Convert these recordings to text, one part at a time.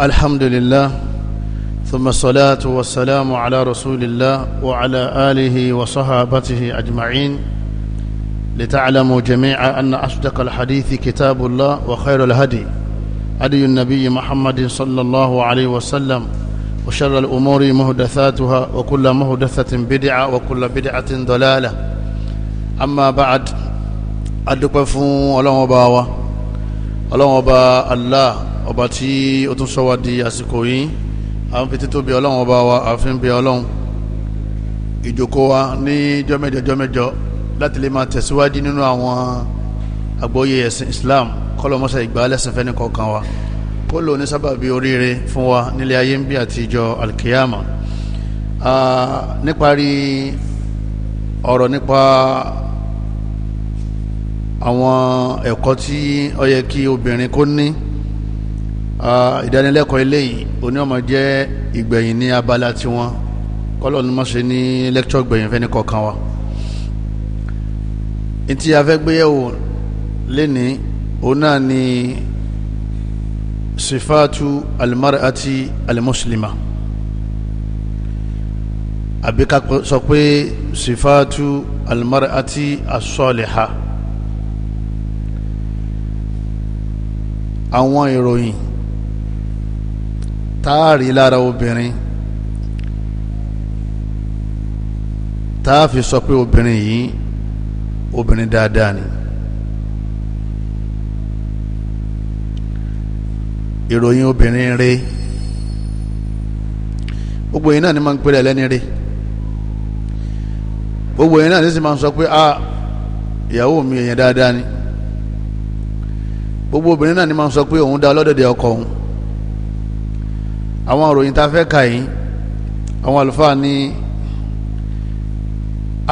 الحمد لله ثم الصلاة والسلام على رسول الله وعلى آله وصحابته أجمعين لتعلموا جميعا أن أصدق الحديث كتاب الله وخير الهدي هدي النبي محمد صلى الله عليه وسلم وشر الأمور مهدثاتها وكل مهدثة بدعة وكل بدعة ضلالة أما بعد أدقفوا ولو باوا ولو با الله ọba tí ó tún sọ wá di àsìkò yìí à ń fi tító bí ọlọ́run ọba wa àfin bí ọlọ́run ìjókòó wa ní jọ́mẹ́jọ láti lè máa tẹ̀síwájú nínú àwọn àgbọ́yé ẹ̀sìn Islam kọ́lọ́mọ́sá ìgbà lẹ́sìn fẹ́ni kọ̀ọ̀kan wa kó lò ní sábàbí oríire fún wa nílé ayé ń bí àti ìjọ alkiyama níparí ọ̀rọ̀ nípa àwọn ẹ̀kọ́ tí ó yẹ kí obìnrin kó ní ìdánilẹ́kọ̀ọ́ eléyìí oní ọmọ jẹ́ ìgbẹ̀yìn ní abala tiwọn kọ́lọ̀ ní mọ̀ṣẹ́ ní lẹ́kítọ̀ gbẹ̀yìn fẹ́ni kọ̀ọ̀kan wa ntí a fẹ́ gbéyẹ̀wò lénìí òun náà ni sifatu almar'ati almuslima àbí ká sọ pé sifatu almar'ati as-salihah àwọn ìròyìn táàrí lára obìnrin táàfi sọ pé obìnrin yìí obìnrin dáadáa ni ìròyìn obìnrin rẹ̀ gbogbo yìí náà ni máa ń pèrè lẹ́ni rẹ̀ gbogbo yìí náà ni sì máa ń sọ pé a ìyàwó mi èèyàn dáadáa ni gbogbo obìnrin náà ni máa ń sọ pé òun dá ọlọ́dẹ̀dẹ̀ ọkọ òun àwọn ìròyìn tá a fẹ́ kà yìí àwọn àlùfáà ní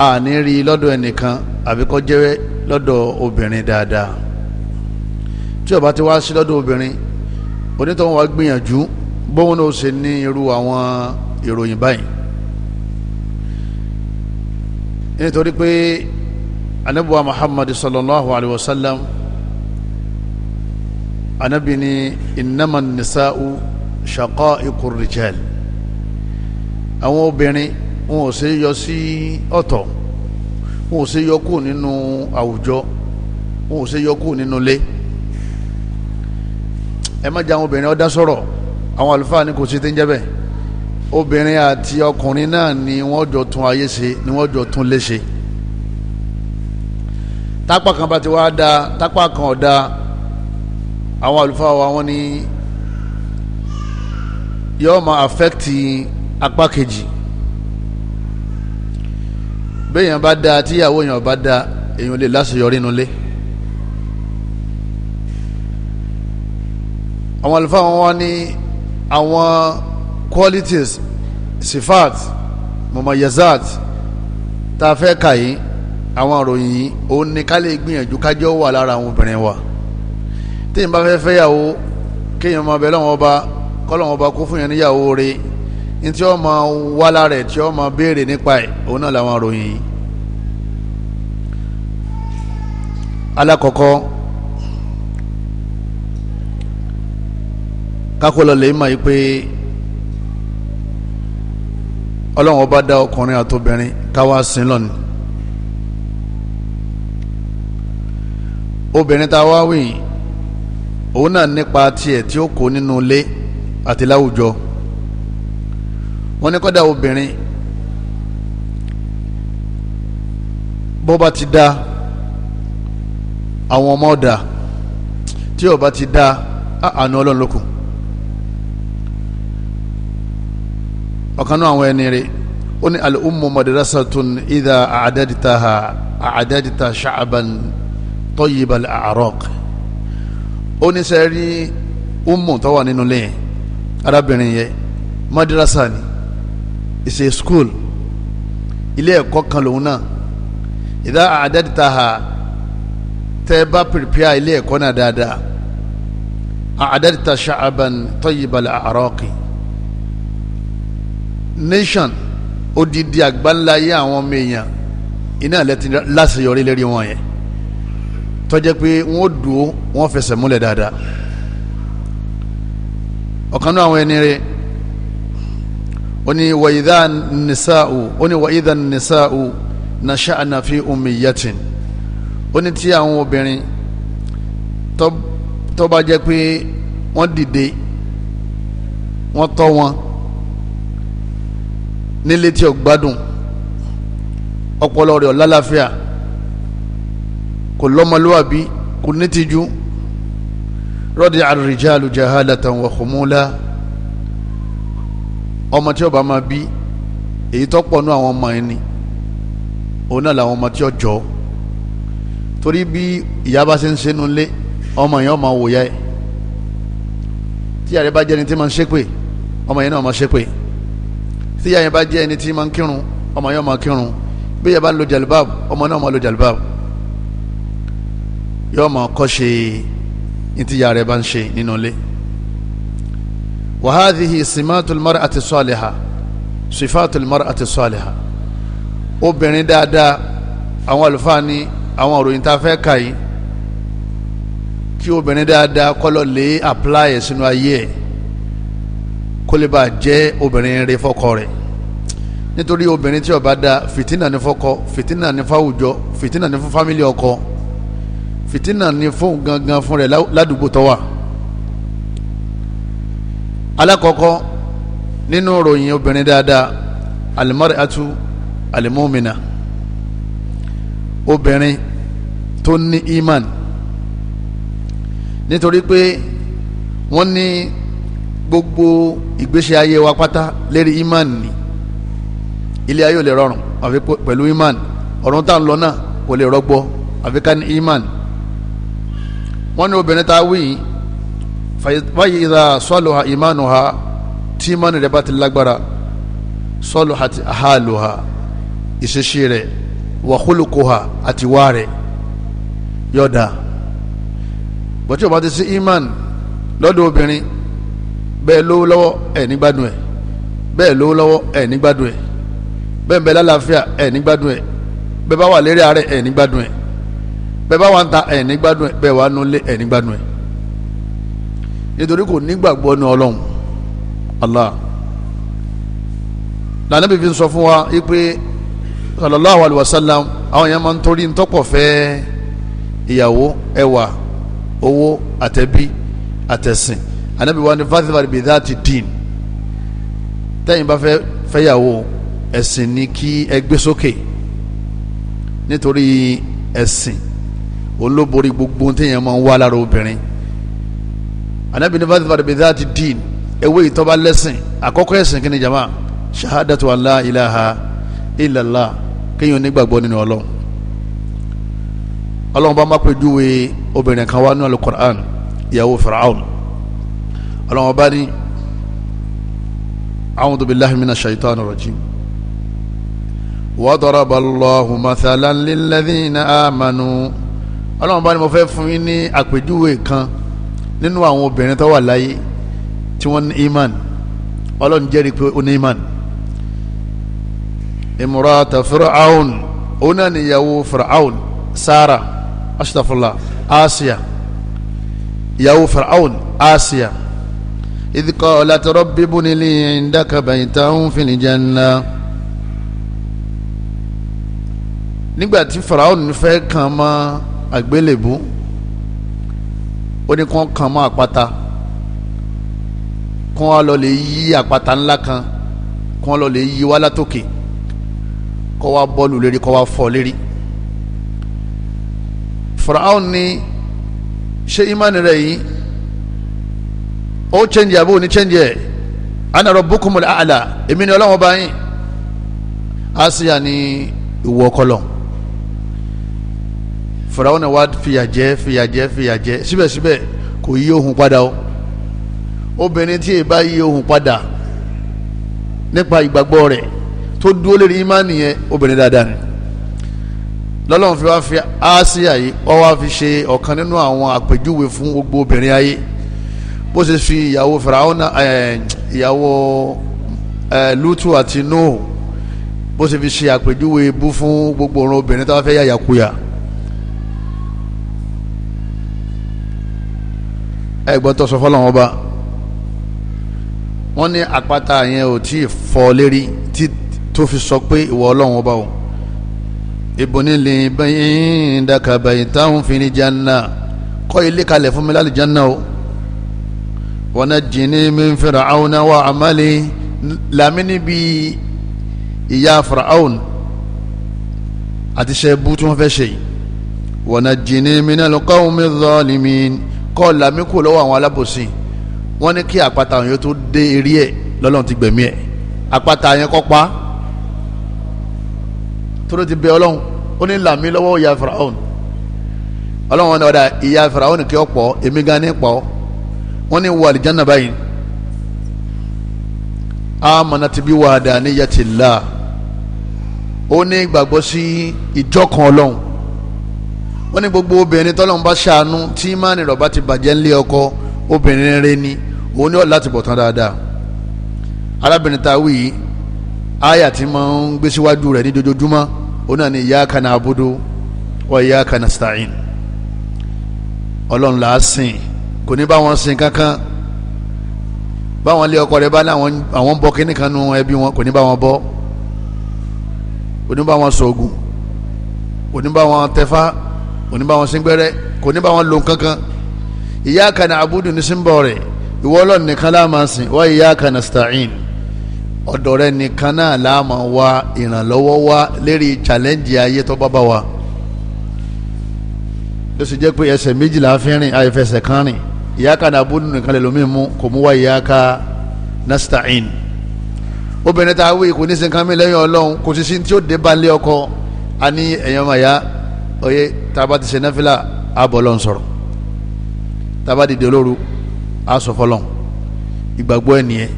a ní rí lọ́dọ̀ ẹnìkan àbí kó jẹ́ lọ́dọ̀ obìnrin dáadáa tí ó bá ti wá sí lọ́dọ̀ obìnrin onítọ̀hún wa gbìyànjú bóun náà ṣe ní irú àwọn ìròyìn báyìí nítorí pé anabuwa muhammadu sallallahu alaihi wasallam anabi ni innaman nisa'u shaqa'iqur rijal àwọn obìnrin wọn ò ṣe yọ sí ọ̀tọ̀ wọn ò ṣe yọ kú nínú àwùjọ wọn ò ṣe yọ kú nínú ilé ẹ má jẹ àwọn obìnrin ọdá sọ̀rọ̀ àwọn àlùfáà ni kò sí ti ń jẹ́ bẹ́ẹ̀ obìnrin àti ọkùnrin náà ni wọ́n jọ tún ayé ṣe ni wọ́n jọ tún lé ṣe tápá kan bá ti wá da tápá kan ọ̀dà àwọn àlùfáà wa wọ́n ní yóò máa àfẹ́kìtì apá kejì béèyàn bá dáa tíyàwó èèyàn bá dáa èèyàn lè láṣeyọrí nulẹ̀ àwọn àlùfáà wọn wá ní àwọn qualities sifat mumayazat tá a fẹ́ kà yìí àwọn ìròyìn yìí òun ni ká lè gbìyànjú kájọ́ wà lára àwọn obìnrin wa téèyàn bá fẹ́ fẹ́yàwó kéèyàn máa bẹ lọ́wọ́ ọba kọ́lọ́wọ́n bá kó fún yẹn níyàwó rẹ̀ ní tí wọ́n máa wá lára ẹ̀ tí wọ́n máa béèrè nípa ẹ̀ òun náà làwọn ròyìn yìí. alákọ̀ọ́kọ́ kákọ́lọ́ lè mọ̀ yìí pé ọlọ́run ọba dá ọkùnrin àtobìnrin káwá sí lọ́nìí obìnrin tá a wá wí òun náà nípa tiẹ̀ tí ó kó nínú ilé àti láwùjọ wọ́n ní kọ́dà obìnrin bó bá ti da àwọn ọmọ ọ̀dà tí ó bá ti da àánú ọlọ́run lókun ọ̀kan náà àwọn ẹni rẹ̀ ó ní al-ummu madrasatun idha a'dadtaha a'dadta sha'ban tayyibal a'raq ó ní sẹ́rí ummu tó nínú lẹ́yìn arábìnrin yẹn madrasa ni it's a school ilé ẹ̀kọ́ kan lòun náà ìdá àdẹ́dìta ha tẹ́ bá pèpìà ilé ẹ̀kọ́ náà dáadáa àdẹ́dìta ṣàbàn tọ́yìbàlẹ̀ àrọ́ọ̀kì nation odidi àgbáńláyé àwọn ọmọ èèyàn iná lẹ́tí láṣeyọrí lérí wọn yẹn tọ́jẹ́ pé wọ́n dùn ó wọ́n fẹsẹ̀ múlẹ̀ dáadáa ọ̀kan náà àwọn ẹni rẹ̀ ó ní wàyídà nìsáù ó ní wàyídà nìsáù nàṣà ànàfi umiyatin ó ní tí àwọn obìnrin tó bá jẹ́ pé wọ́n dìde wọ́n tọ́ wọn nílé tí ó gbádùn ọpọlọ rẹ̀ ó kò lọ́mọlúwàbí kò nítìjú rọ́dí ar-rijalu jahalatan wa khumula ọmọ tí ó bá máa bí èyí tó pọ̀ nú àwọn ọmọ ẹni òun náà làwọn ọmọ tí ó jọ torí bí ìyá bá ṣe ń ṣe nulẹ̀ ọmọ yẹn ọmọ wòyá ẹ tí ìyá rẹ bá jẹ́ ẹni tí máa ń ṣépè ọmọ yẹn náà máa ṣépè tí ìyá yẹn bá jẹ́ ẹni tí máa ń kírun ọmọ yẹn máa kírun bí ìyá bá lo jalibab ọmọ náà máa lo jalibab yóò máa kọ́ ṣe é ntíya rẹ̀ bá ń ṣe nínú ilé wa hadhihi simatul mar'ati salihah sifatul mar'ati salihah obìnrin dáadáa àwọn àlùfáà ní àwọn òròyìn tá a fẹ́ kà yìí kí obìnrin dáadáa kọ́lọ̀ lè apply ẹ̀ sínú ayé ẹ̀ kó lè bá jẹ́ obìnrin rẹ̀ fọ́kọ rẹ̀ nítorí obìnrin tí ó bá fìtínà ní fọ́kọ fìtínà ní fáwùjọ fìtínà ní fún fámílì ọkọ fìtínà ni fóun gangan fún rẹ̀ ládùúgbò tó wà alákọ̀ọ́kọ́ nínú ròyìn obìnrin dáadáa atu alimomina obìnrin tó ní iman nítorí pé wọ́n ní gbogbo ìgbésí ayé wa pátá lérí iman ni ilé ayé ò lè rọrùn àfi pẹ̀lú iman ọ̀run tá à ń lọ náà kò lè rọgbọ àfi ká ní iman wọ́n ní obìnrin ta wí báyìí ìdá sọ́ọ̀lù ha ìmánu ha tí ìmánu rẹ̀ bá ti lágbára sọ́ọ̀lù ha ti àhálù ha ìṣesí rẹ̀ wàhálùkù ha àti wá rẹ̀ yọ̀dà bọ́tí o bá ti sí iman lọ́dọ̀ obìnrin bẹ́ẹ̀ lówó lọ́wọ́ ẹ̀ nígbádùn ẹ̀ bẹ́ẹ̀ lówó lọ́wọ́ ẹ̀ nígbádùn ẹ̀ bẹ́ẹ̀ bẹ́ẹ̀ lálàáfíà ẹ̀ nígbádùn ẹ̀ bẹ́ẹ̀ bá wà lérí àárẹ̀ ẹ̀ nígbádùn ẹ̀ bẹ́ẹ̀ bá wà ń ta ẹ̀ nígbádùn ẹ̀ bẹ́ẹ̀ wà nù lé ẹ̀ nígbádùn ẹ̀ nítorí kò nígbàgbọ́ ní ọlọ́run Allah lànà bíbí sọ fún wa pé sallallahu alayhi wa sallam àwọn yẹn máa ń torí ntọ́pọ̀ fẹ́ ìyàwó ẹwà owó àtẹ̀bí àtẹ̀sìn ànábì wa ni fásitì bíi dáàtì dín tẹ́yìn bá fẹ́ fẹ́yàwó ẹ̀sìn ni kí ẹ gbé sókè nítorí ẹ̀sìn olóborí gbogbo téèyàn máa ń wá lára obìnrin anabi ní fásitì fàdébí dáàtì dín ewé ìtọ́ba lẹ́sìn àkọ́kọ́ ẹ̀sìn kí ni jama shahadatu allah ilaha illallah kéèyàn nígbàgbọ́ nínú ọlọ́run ọlọ́run bá má pèjúwe obìnrin kan wá nínú alukur'an ìyàwó firaun ọlọ́run bá ní a'udhu billahi minash shaitani rajim wa daraba allahu mathalan lil ladhina amanu ọlọ́run bá ní mo fẹ́ fún yín ní àpèjúwe kan nínú àwọn obìnrin tó wà láyé tí wọ́n ní iman ọlọ́run jẹ́rìí pé ó ní iman imrata fir'aun òun náà níyàwó fir'aun sara asitafula asiya ìyàwó fir'aun asiya idh qalat rabbi ibni li indaka baytan fil nígbà tí fir'aun fẹ́ kàn máa àgbélébú ó ní kán kan mọ́ àpáta kán wá lọ lè yí àpáta ńlá kan kán lọ lè yí wá látòkè kó wá bọ́ọ̀lù lérí kó wá fọ́ lérí Fáráò ní ṣé ìmánì rẹ̀ yìí ó chẹ́ǹjì àbí ò chẹ́ǹjì ẹ̀ ana rabbukumul a'la èmi ni ọlọ́wọ́n bá yín àsíyà ní ìwọ farawo na wá fìyàjẹ fìyàjẹ fìyàjẹ síbẹ̀síbẹ̀ kò yí ohun padà o obìnrin tí èèbá yí ohun padà nípa ìgbàgbọ́ rẹ̀ tó dúró lórí ìmánì yẹn obìnrin dáadáa ni lọ́lọ́run fi wá fi áásíà yìí wọ́n wá fi ṣe ọ̀kan nínú àwọn àpèjúwe fún gbogbo obìnrin ayé bó ṣe fi ìyàwó fìràwọ́nà ìyàwó lútù àti nóò bó ṣe fi ṣe àpèjúwe bú fún gbogbo obìnrin tó bá fẹ́ yàyàkuyà. Ya ẹgbọ́n tó sọ fọ́lọ́wọ́n ọba wọ́n ní àpáta yẹn ò tí ì fọ́ lérí tí tó fi sọ pé ìwọ ọlọ́wọ́n ọba o ìbùnílì bẹ́yìn dàkàbẹ̀yì táwọn fi ní janna kọ́ ilé kalẹ̀ fún mi láti janna o wọn náà jìnnì min Fir'auna wa amali lamini bíi ìyá Fir'aun àti sẹ́ẹ̀bù tí wọ́n fẹ́ ṣe wọn náà jìnnì min al-qawmi adh-dhalimin kọ́ lami kò lọ́wọ́ àwọn alábòsí wọ́n ní kí àpáta yẹn tó dé eré ẹ̀ lọ́lọ́run ti gbẹ̀mí ẹ̀ àpáta yẹn kọ́ pa tóró ti bẹ ọlọ́run ó ní làmí lọ́wọ́ ìyá faraon ọlọ́run wọn ni ọ̀dà ìyá faraon kí ọ pọ̀ èmi gan ní pọ̀ wọ́n ní wọ àlìjáná báyìí amana ti bí wàdà níyàtìlá ó ní gbàgbọ́ sí ìjọ kan ọlọ́run wọ́n ní gbogbo obìnrin tọ́lọ́run bá ṣàánú tí ìmánì rẹ̀ bá ti bàjẹ́ ńlé ọkọ obìnrin rẹ̀ ni òun ní ọ̀ láti bọ̀ tán dáadáa arábìnrin ta wí yìí àyà tí máa ń gbé síwájú rẹ̀ ní dojoojúmọ́ òun náà ni iyyaka na'budu wa iyyaka nasta'in ọlọ́run là á sìn kò ní bá wọn sìn kankan báwọn lé ọkọ rẹ̀ bá ní àwọn ń bọ kínní kan nu ẹbí wọn kò ní bá wọn bọ kò ní bá wọn sọ̀gùn kò ní bá wọn tẹfá òní bá wọn sin gbẹ́rẹ́ kò ní bá wọn lo kankan ìyá kana abudu ní sínbọ̀ rẹ̀ ìwọ ọlọ́run nìkan láàmà sìn wá ìyá kana sta'in ọ̀dọ̀ rẹ̀ nìkan náà láàmà wá ìrànlọ́wọ́ wá lérí challenge ayé tó bá bá wa ló sì jẹ́ pé ẹsẹ̀ méjìlá fi rìn kan rìn ìyá kana abudu nìkan lè lómi mú kò mú wá ìyá ka nasta'in obìnrin tá a wí kò ní sin kan mi lẹ́yìn ọlọ́run kò sì sí tí ó dé bá ọkọ àní ẹ̀yàn màyá oye taba ti ṣe nafila abọlọ́n sọ̀rọ̀ taba dìde olóru asọ̀fọlọ́n ìgbàgbọ́ ẹ̀ nìyẹn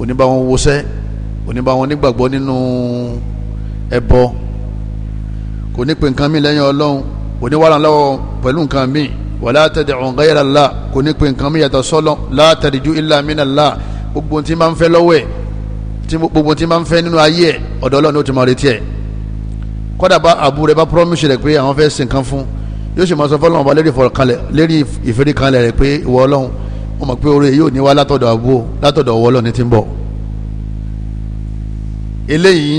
oníbàwọn wọṣẹ́ oníbàwọn nígbàgbọ́ nínú ẹbọ kò ní pe nǹkan mi lẹ́yìn ọlọ́run kò ní wàrà lọ́wọ́ pẹ̀lú nǹkan mi wàlá tad'u ghayra Allah kò ní pe nǹkan mi yàtọ̀ sọ́lọ́ la tarju illa mina la, gbogbo tí máa ń fẹ́ lọ́wọ́ ẹ̀ gbogbo tí máa ń fẹ́ nínú ayé ẹ̀ ọ̀dọ̀ ti máa retí kọ́dà bá àbú rẹ bá promise rẹ pé àwọn fẹ́ sin kan fún yóò sì máa sọ fọlọ́wọ́n bá lérí ìfọ̀kànlẹ̀ lérí ìfẹ́rí kanlẹ̀ rẹ pé ìwọ ọlọ́run wọ́n mọ̀ pé oore yóò ní wá látọ̀dọ̀ àbú o látọ̀dọ̀ ọwọ́ ọlọ́run ti ń bọ̀. eléyìí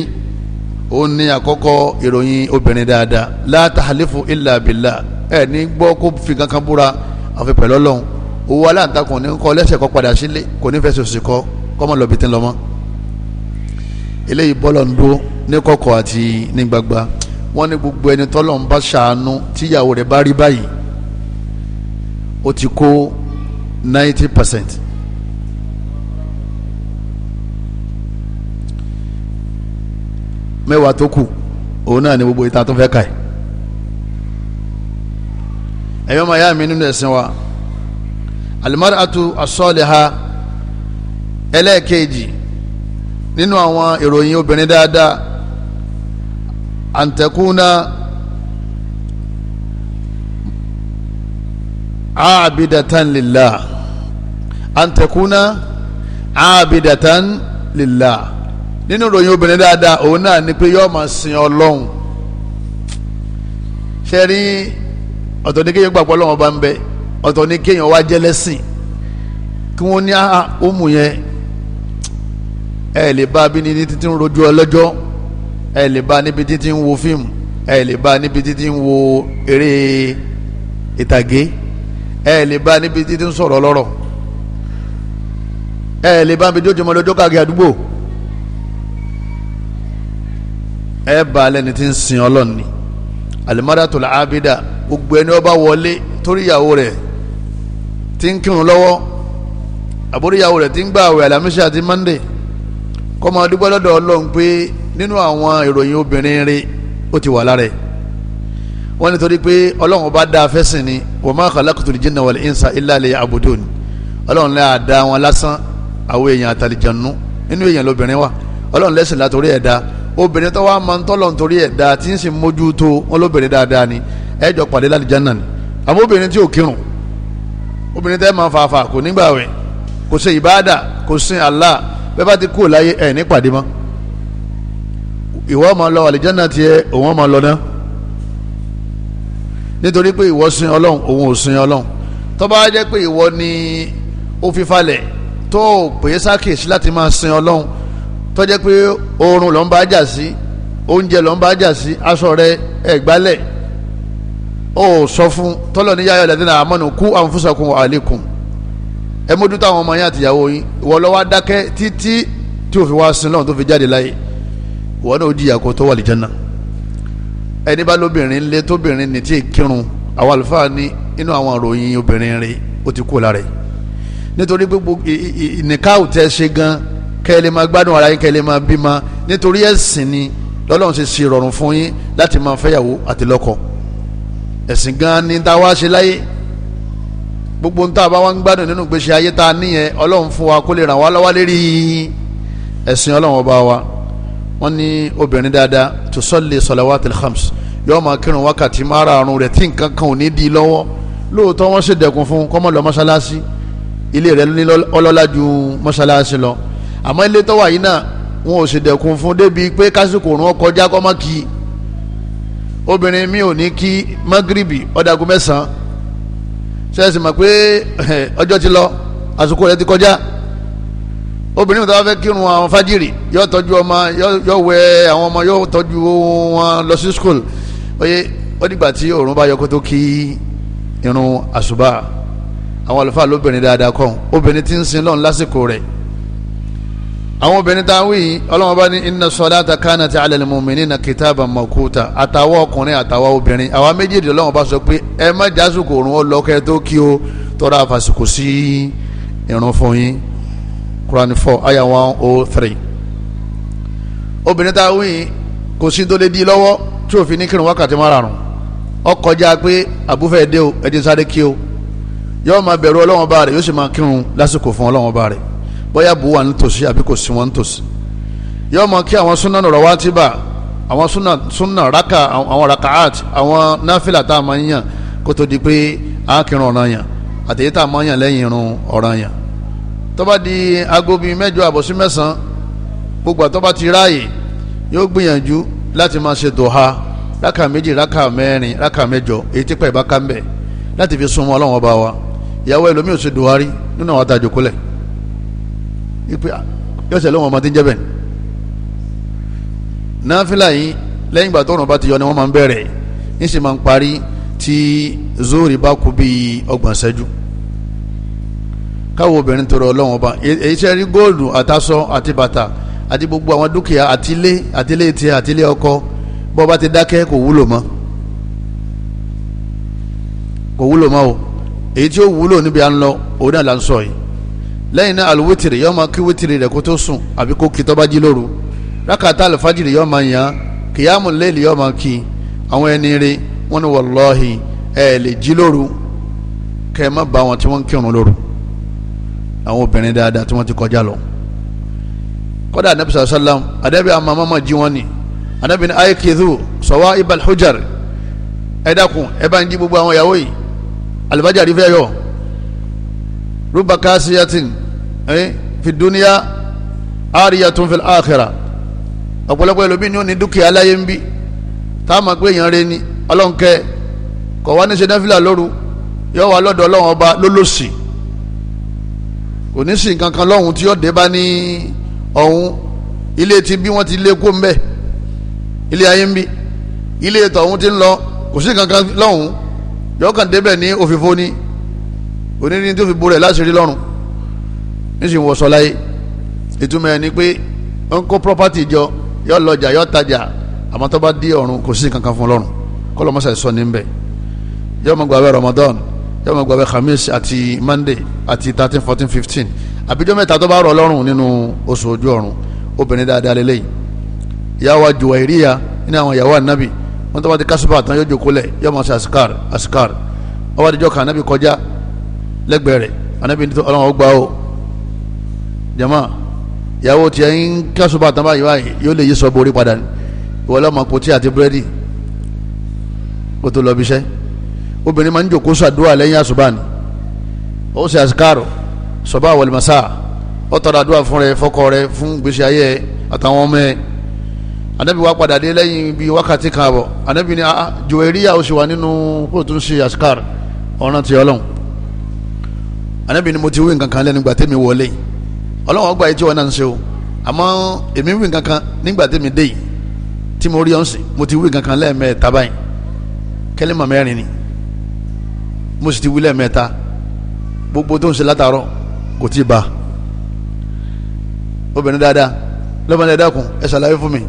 ó ní àkọ́kọ́ ìròyìn obìnrin dáadáa la tahlifu illa billah ẹ̀ ní gbọ́ kó fi kankan búra àfi pẹ̀lú ọlọ́run owó aláǹtakùn ní kọ́ lẹ́sẹ̀ kọ́ padà sílé kò ní fẹ́ sòsì kọ́ kọ́mọ lọ́bìtín lọ́mọ eléyìí bọ́lọ̀ ń dúró ní kọ̀kọ̀ àti ní gbangba wọ́n ní gbogbo ẹni tọ́lọ̀ ń bá ṣàánú tíyàwó rẹ̀ bá rí báyìí ó ti kó ninety percent. mẹ́wàá tó kù òun náà ni gbogbo ìta tó fẹ́ ka ẹ̀. ẹ̀yọ́ máa yá mi nínú ẹ̀sìn wa alimaratu asọ́ọ̀lẹ́ha ẹlẹ́ẹ̀kejì nínú àwọn ìròyìn obìnrin dáadáa an takuna abidatan lillah an takuna abidatan lillah nínú ìròyìn obìnrin dáadáa òun náà ni pé yóò máa sin ọlọ́run ṣe rí ọ̀tọ̀ ní kéèyàn gbàgbọ́ ọlọ́run ọba ń bẹ ọ̀tọ̀ ní kéèyàn wá jẹ́lẹ́sìn kí wọ́n ní àhà ó mú yẹn ẹ lè bá a bí ní títí ń rojú ọlọ́jọ́ ẹ lè bá níbi títí ń wo fíìmù ẹ lè bá níbi títí ń wo eré ìtàgé ẹ lè bá níbi títí ń sọ̀rọ̀ lọ́rọ̀ ẹ lè bá níbi tí ó ti mọ lọ́jọ́ káàkiri àdúgbò ẹ bá lẹ́ni tí ń sin ọlọ́run ni alimadatul abida gbogbo ẹni ó bá wọlé torí ìyàwó rẹ̀ tí ń kírun lọ́wọ́ àbórí ìyàwó rẹ̀ tí ń gbààwẹ̀ alamisa àti mande kọ́ máa dúpẹ́ lọ́dọ̀ ọlọ́run pé nínú àwọn ìròyìn obìnrin rí ó ti wà lára ẹ̀ wọ́n ní torí pé ọlọ́run bá dá afẹ́sìn ni wa ma khalaqtul jinna wal insa illa liya'budun ọlọ́run lẹ́yà dá wọn lásán àwọn èèyàn àtàlìjànú nínú èèyàn lóbìnrin wa ọlọ́run lẹ́sìn látòrí ẹ̀ dá obìnrin tó wá máa ń tọ́lọ̀ nítorí ẹ̀ dá tí ń sì mójú tó wọn lóbìnrin dáadáa ni ẹ jọ pàdé lálìjánà ni àmọ́ obìnrin tí ò kírun obìnrin tẹ́ máa fàáfà kò nígbàwẹ̀ kò ṣe ìbáàdà kò sin Allah bẹ́ẹ̀ bá ti kú ò láyé ẹ̀ nípàdé mọ́ ìwọ máa lọ àlìjáná tiẹ̀ òun máa lọ náà nítorí pé ìwọ sin ọlọ́run òun ò sin ọlọ́run tó bá jẹ́ pé ìwọ ni ó fi falẹ̀ tó o pè é sákèsí láti máa sin ọlọ́run tó jẹ́ pé oorun ló ń bá jà sí oúnjẹ ló ń bá jà sí aṣọ rẹ ẹ̀gbálẹ̀ ó sọ fún tọ́lọ̀ ní yáyọ̀ lẹ́dínà àmọ́nù kú àǹfùsàkùn àlékún ẹ mójútó àwọn ọmọ yẹn àtìyàwó yín ìwọ ló dákẹ́ títí tí o fi wá sin lọ́run tó fi jáde láyé wọn náà jìyà kó tó wà lìjánná ẹni bá lóbìnrin lé tóbìnrin ní tí ì kírun àwọn àlùfáà ní inú àwọn ìròyìn obìnrin rẹ̀ ó ti kú lára ẹ̀ nítorí gbogbo ìnìká òtẹ́ ṣe gan kẹ́lẹ́ máa gbádùn ara yín kẹ́lẹ́ máa bímọ nítorí ẹ̀sìn ni lọ́lọ́run ṣe ṣe ìrọ̀rùn fún yín láti máa fẹ́yàwó àti lọ́kọ ẹ̀sìn gan ni tá a wá ṣe láyé gbogbo ń tá a bá wá ń gbádùn nínú ìgbésí ayé tá a níyẹn ọlọ́run fún wa kó lè ràn wá lọ́wọ́ lérí ẹ̀sìn ọlọ́run ọba wa wọ́n ní obìnrin dáadáa tó sọ́lé sọ̀làwátì khams yóò máa kírun wákàtí márààrún rẹ̀ tí nǹkan kan ò ní di lọ́wọ́ lóòótọ́ wọ́n sì dẹ̀kun fún kọ́mọ́ lọ mọ́ṣáláṣí ilé rẹ̀ ní ọlọ́lá ju mọ́ṣáláṣí lọ àmọ́ ilé tọ́wà yìí náà wọn ò sì dẹ̀kun fún débi pé kásìkò òrùn ọkọjá kọ́mọ́ kì í obìnrin mi ò ní kí magribi ọ̀dàgùn mẹ́sàn-án ṣẹ́ẹ̀sì mọ̀ pé ọjọ́ ti lọ àsìkò rẹ̀ ti kọjá obìnrin tó bá fẹ́ kírun àwọn fájìrì yóò tọ́jú ọmọ yóò wẹ àwọn ọmọ yóò tọ́jú wọn lọ sí school oye ó dìgbà tí òòrùn bá yọ kó tó kí irun àṣùbà àwọn àlùfáà lóbìnrin dáadáa kọ́ obìnrin tí ń sin lọ́n lásìkò rẹ̀ àwọn obìnrin tá a wí ọlọ́wọ́n bá ní inna salata kanat ala al-mu'minina kitaban mawquta àtàwọn ọkùnrin àtàwọn obìnrin àwa méjèèjì ọlọ́wọ́n bá sọ pé ẹ má jásùkò òrùn ó lọ́kẹ́ tó kí o tọ́ra àfàsìkò sí irun fún yín Quran 4, Ayah 103. oh three obìnrin tá a wí kò sí tó lè di lọ́wọ́ tí òfin ní kírun wákàtí márùn ó kọjá pé àbúfẹ́ dé o ẹ̀dín sáré kí o yóò máa bẹ̀rù ọlọ́wọ́n bá rẹ̀ yóò sì máa kírun lásìkò fún ọlọ́wọ́n bá rẹ̀ bóyá bù wà nítòsí àbí kò sí wọn nítòsí yóò máa kí àwọn súnà nọ̀rọ̀ wá tí bá àwọn súnà súnà raka àwọn rakaat àwọn náfìlà tá a máa ń yàn kó tó di pé a kírun ọ̀ranyàn àtẹ̀yẹ́ tá a máa ń yàn lẹ́yìn irun ọ̀ranyàn tó di agobi bíi mẹ́jọ àbọ̀sí mẹ́sàn-án gbogbo àtọ́ bá ti ráàyè yóò gbìyànjú láti máa ṣe dùhà rákà méjì rákà mẹ́rin rákà mẹ́jọ èyí tí pẹ̀ bá ká ń bẹ̀ láti fi súnmọ́ ọlọ́run ọba wa ìyàwó ẹlòmíì ò ṣe dùhà rí nínú àwọn àtàjò ipe ah, yóò ṣe lóun ń jẹ́ bẹ̀ náfìlà yìí lẹ́yìn ìgbà tóun bá ti yọ ni wọ́n máa ń bẹ̀rẹ̀ yìí sì máa ń parí tí zóòrì bá kú bíi ọgbọ̀n ṣẹ́jú káwọn obìnrin tọrọ ọlọ́run ọba èyí ṣe e, rí góòlù àtàṣọ àti bàtà àti gbogbo àwọn dúkìá àtilé àtilé tiẹ̀ àtilé ọkọ bó bá ti dákẹ́ kò wúlò mọ́ kò wúlò mọ́ o èyí tí ó wúlò níbi à ń lọ òun náà là ń sọ yìí lẹ́yìn náà àlùwítìrì yọ́ọ́ máa kí wítìrì rẹ̀ kó tó sùn àbí kó kí tó jí lóru rákàtà àlùfájìrì yọ́ọ́ máa yàn án kìyàmù léèlì yọ́ọ́ máa kí àwọn ẹni rí wọn ni wàlọ́ọ̀hì ẹ̀ lè jí lóru kẹ́ má bá wọn tí wọ́n ń kírun lóru àwọn obìnrin dáadáa tí wọ́n ti kọjá lọ kódà anabi sàlá sàlám anabi àmà màmá jí wọn ni anabi ni aikidu sọwọ́ ibal hujar ẹ dákun ẹ bá ń jí gbogbo àwọn ìyàwó yìí alifajà rí fẹ́ yọ rúbà káàsìyàtìn ẹ fi dúníyà àríyàtún fil àkhírà ọ̀pọ̀lọpọ̀ ẹlòmíì ni ó ní dúkìá láyé ń bí táwọn àgbẹ̀ èèyàn rẹ ni ọlọ́nkẹ́ kọ̀ ní ṣe lóru yọ wà lọ́dọ̀ ọlọ́wọ́n ọba lólòsì kò ní sí nǹkan kan lọ́hùn tí ọ̀dẹ́ bá ní ọ̀hún ilé ti bí wọ́n ti lé kó ń bẹ̀ ilé ayé ń bí ilé tọ̀hún ti ń lọ kò sí nǹkan kan lọ́hùn yọkàn débẹ̀ ní òfìfo ni onírin tó fi borẹ̀ láṣìírí lọ́rùn níṣìí wọ̀ sọ́láyé ìtumọ̀ ẹ̀ ni pé wọ́n kó property jọ yọ lọ́jà yọ tajà àmọ́ tó bá dé ọ̀run kò sí nǹkan kan fún lọ́rùn kọ́lọ́mọṣẹ́ sọ ní bẹ̀ yọ ọmọ gbàgbé Ramadan yóò máa gbààwẹ̀ khamis àti monday àti thirteen fourteen fifteen àbíjọ́ mẹ́ta tó bá rọ̀ lọ́rùn nínú oṣù ojú ọ̀run obìnrin dáadáa lélẹ́yìn ìyá wa Juwairiya ní àwọn ìyàwó ànábì wọn tó bá ti kásùbà tán yóò jókòó lẹ̀ yóò máa ṣe àsìkàr àsìkàr wọn bá ti jọ́ ka ànábì kọjá lẹ́gbẹ̀ẹ́ rẹ̀ ànábì ní ọlọ́run ó gbà jama ìyàwó tiẹ̀ ń kásùbà tán báyìí báyìí yóò lè yí sọ borí padà ìwọlọ́mọ obìnrin máa ń jòkó sàdúrà lẹ́yìn àṣùbà ni ó ṣe àṣìkárò sọba àwọlùmọ́sá ó tọrọ àdúrà fún rẹ fọkọ rẹ fún gbèsè ayé ẹ àtàwọn ọmọ ẹ anabi wa padà dé lẹ́yìn bíi wákàtí kan àbọ̀ anabi ni ah jòwèríyà ó sì wà nínú kó tún ṣe àṣìkárò ọ̀ràn ti ọlọ́run anabi ni mo ti wí nǹkan kan lẹ́nu gbàtẹ́mi wọlé ọlọ́run ọgbà yìí tí wọ́n náà ń ṣe o àmọ́ èmi wí nǹkan nígbà tẹ́mi dé yìí tí mo rí ọ̀hún mo ti wí nǹkan kan lẹ́ẹ̀mẹ́ta báyìí kẹ́lẹ́mà ni mo sì ti wílẹ̀ mẹ́ta gbogbo tó ń ṣe látàárọ̀ kò tí ì bá obìnrin dáadáa lọ́bàá dáadáa kun ẹ fún mi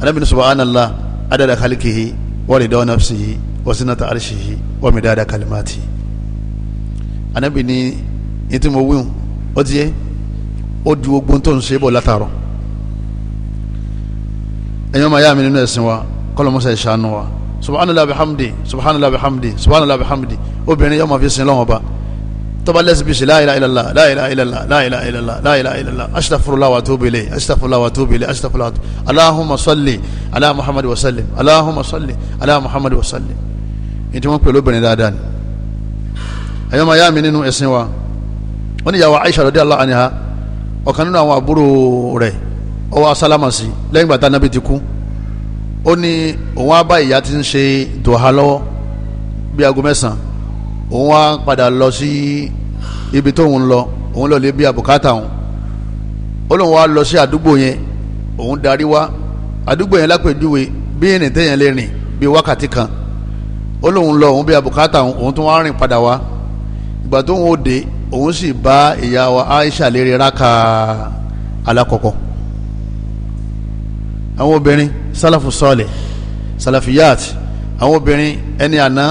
anabini subhanallah adada khalikihi wàlẹ̀ dáwọn nafsihi wasinata arshihi wàmí dáadáa kalimati anabini yìí tí mo wíwù ó ti yẹ ó ju gbogbo tó ń ṣe bọ̀ látàárọ̀ ẹ̀yin ọmọ ayá mi nínú ẹ̀sìn wa kọ́lọ́mọ́sá ìṣàánú wa subhanallah bihamdi subhanallah bihamdi subhanallah bihamdi obìnrin yóò máa fi sin lọ́wọ́ ba tọ́ba lẹ́sìn bíi la ilaha illallah la ilaha illallah la ilaha illallah la ilaha illallah astaghfirullah wa atubu ilayhi astaghfirullah wa atubu ilayhi astaghfirullah allahumma salli ala muhammad wa sallim allahumma salli ala muhammad wa sallim ètò wọn pẹ̀lú obìnrin dáadáa ni ẹ̀yọ́ máa yá mi nínú ẹ̀sìn wa wọ́n ní ìyàwó aisha radiyallahu anha ọ̀kan nínú àwọn àbúrò rẹ̀ ó wá lẹ́yìn gbàtà nábì ó ní òun á bá ìyá tí ń ṣe dùhà lọ́wọ́ bí aago mẹ́sàn-án òun á padà lọ sí ibi tóun lọ òun lọ lé bí àbùkátà òun ó lóun wá lọ sí àdúgbò yẹn òun darí wá àdúgbò yẹn lápèjúwe bí ìrìn téèyàn lè rìn bí wákàtí kan ó lóun lọ òun bí àbùkátà òun òun tún wá rìn padà wá ìgbà tóun ó dé òun sì bá ìyá wa Aisha lè rí rákà alákọ̀ọ́kọ́ àwọn obìnrin sálàfù sọ́ọ̀lẹ̀ sàlàfíyàt àwọn obìnrin ẹni àná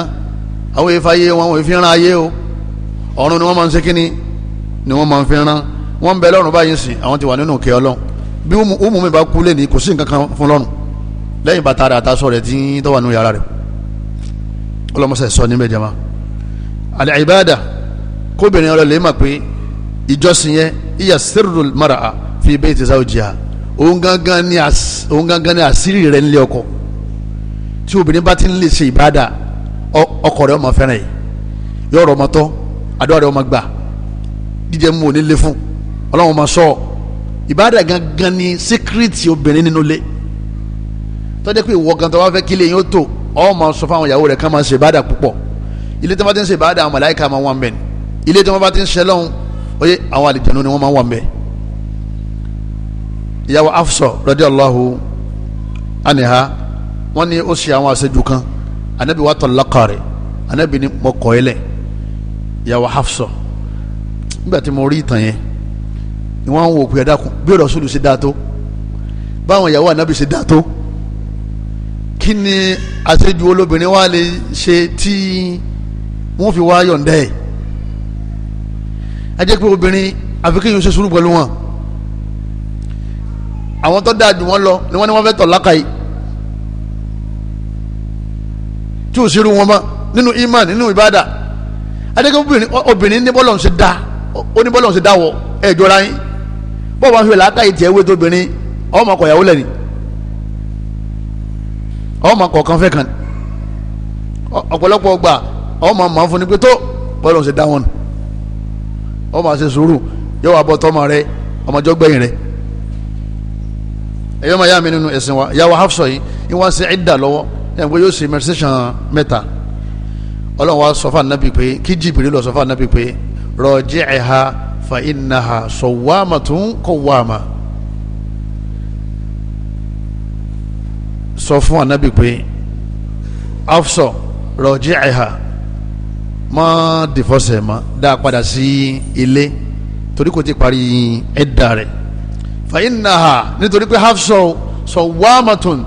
àwọn ìfàyè wọn àwọn ìfihàn ayé o ọ̀run ni wọ́n máa ń ṣe kínní ni wọ́n máa ń fihàn wọ́n ń bẹ lọ́run báyìí sìn àwọn ti wà nínú kẹ́ ọlọ́run bí umu mi bá kú lé ní kò sí nǹkan kan fún lọ́run lẹ́yìn bàtà rẹ̀ àtàsọ rẹ̀ tí tó wà nínú yàrá rẹ̀ ọlọ́mọṣẹ́ sọ níbẹ̀ jama àlẹ́ ìbáàdà kóbìnrin ọlọ́lẹ́ òun gangan ni òun gangan ni àṣírí rẹ̀ nílé ọkọ tí obìnrin bá ti ń lè ṣe ìbáàdà ọkọ rẹ̀ ọmọ fẹ́ràn yìí yóò rọ ọmọ tọ́ àdúrà rẹ̀ ọmọ gbà jíjẹ mú òní lé fún ọlọ́run ọmọ sọ ìbáàdà gangan ni síkírìtì obìnrin nínú ilé tọ́jú pé ìwọ gan tó wá fẹ́ kílé yín ó tò ọmọ sọ fún àwọn ìyàwó rẹ̀ ká máa ṣe ìbáàdà púpọ̀ ilé tí wọ́n bá ti ń ṣe ìbáàdà àwọn màláíkà máa wà ń ilé tí wọ́n bá ti ń ṣẹlọ́hún ó yẹ àwọn àlìjẹ̀nu ìyàwó Afsa radiyallahu anha wọ́n ní ó ṣe àwọn àṣejù kan anabi wa talaqa rẹ̀ anabi ni mo kọ̀ ẹ́ lẹ̀ ìyàwó Afsa nígbà tí mo rí ìtàn yẹn ni wọ́n ń wò pé ẹ̀dá kun bí Rasulu ṣe dáa tó báwọn ìyàwó anabi ṣe dáa tó kí ni àṣejù olóbìnrin wa lè ṣe tí wọ́n fi wá yọ̀ǹda ẹ̀ ẹ jẹ́ pé obìnrin àfikún yóò ṣe sùúrù pẹ̀lú wọn àwọn tó dáa jù wọ́n lọ ni wọ́n ní wọ́n fẹ́ tọ̀ lákàyè tí ò sí irú wọn mọ́ nínú iman nínú ìbádà adékòbìnrin obìnrin ní bọ́lọ̀ ń ṣe dá ó ní bọ́lọ̀ ń ṣe dá wọ ẹ̀ jọra yín bọ́ọ̀ bá ń fi làákàyè tiẹ̀ wé tóbìnrin ọmọ ọkọ̀ ìyàwó lẹ́ni ọmọ ọkọ̀ kan fẹ́ kan ọ̀pọ̀lọpọ̀ gbà ọmọ màá fún ni pé tó bọ́lọ̀ ń ṣe dá wọn ọmọ àṣẹ sùúrù yóò wá bọ́ tọ́mọ rẹ ọmọjọ́ gbẹ̀yìn rẹ̀ ẹ̀yọ́ máa yá mi nínú ẹ̀sìn wa yàwó hafsọ yìí ni wọ́n ṣe ẹ̀dà lọ́wọ́ ẹ̀yìn pé yóò ṣe mẹ́rìsẹ̀sán mẹ́ta ọlọ́run wa sọ fún anabi pé kí jìbìrì lọ sọ fún anabi pé rọ̀jì ẹ̀ha fa ìnáha sọ̀wáàmà tó ń kọ̀ wáàmà sọ fún anabi pé hafsọ rọ̀jì ẹ̀ha máa dìfọ́sẹ̀ mọ́ dáa padà sí ilé torí kò ti parí ẹ̀dà rẹ̀ fàyín nàá nítorí pé hafsọ sọwámatùn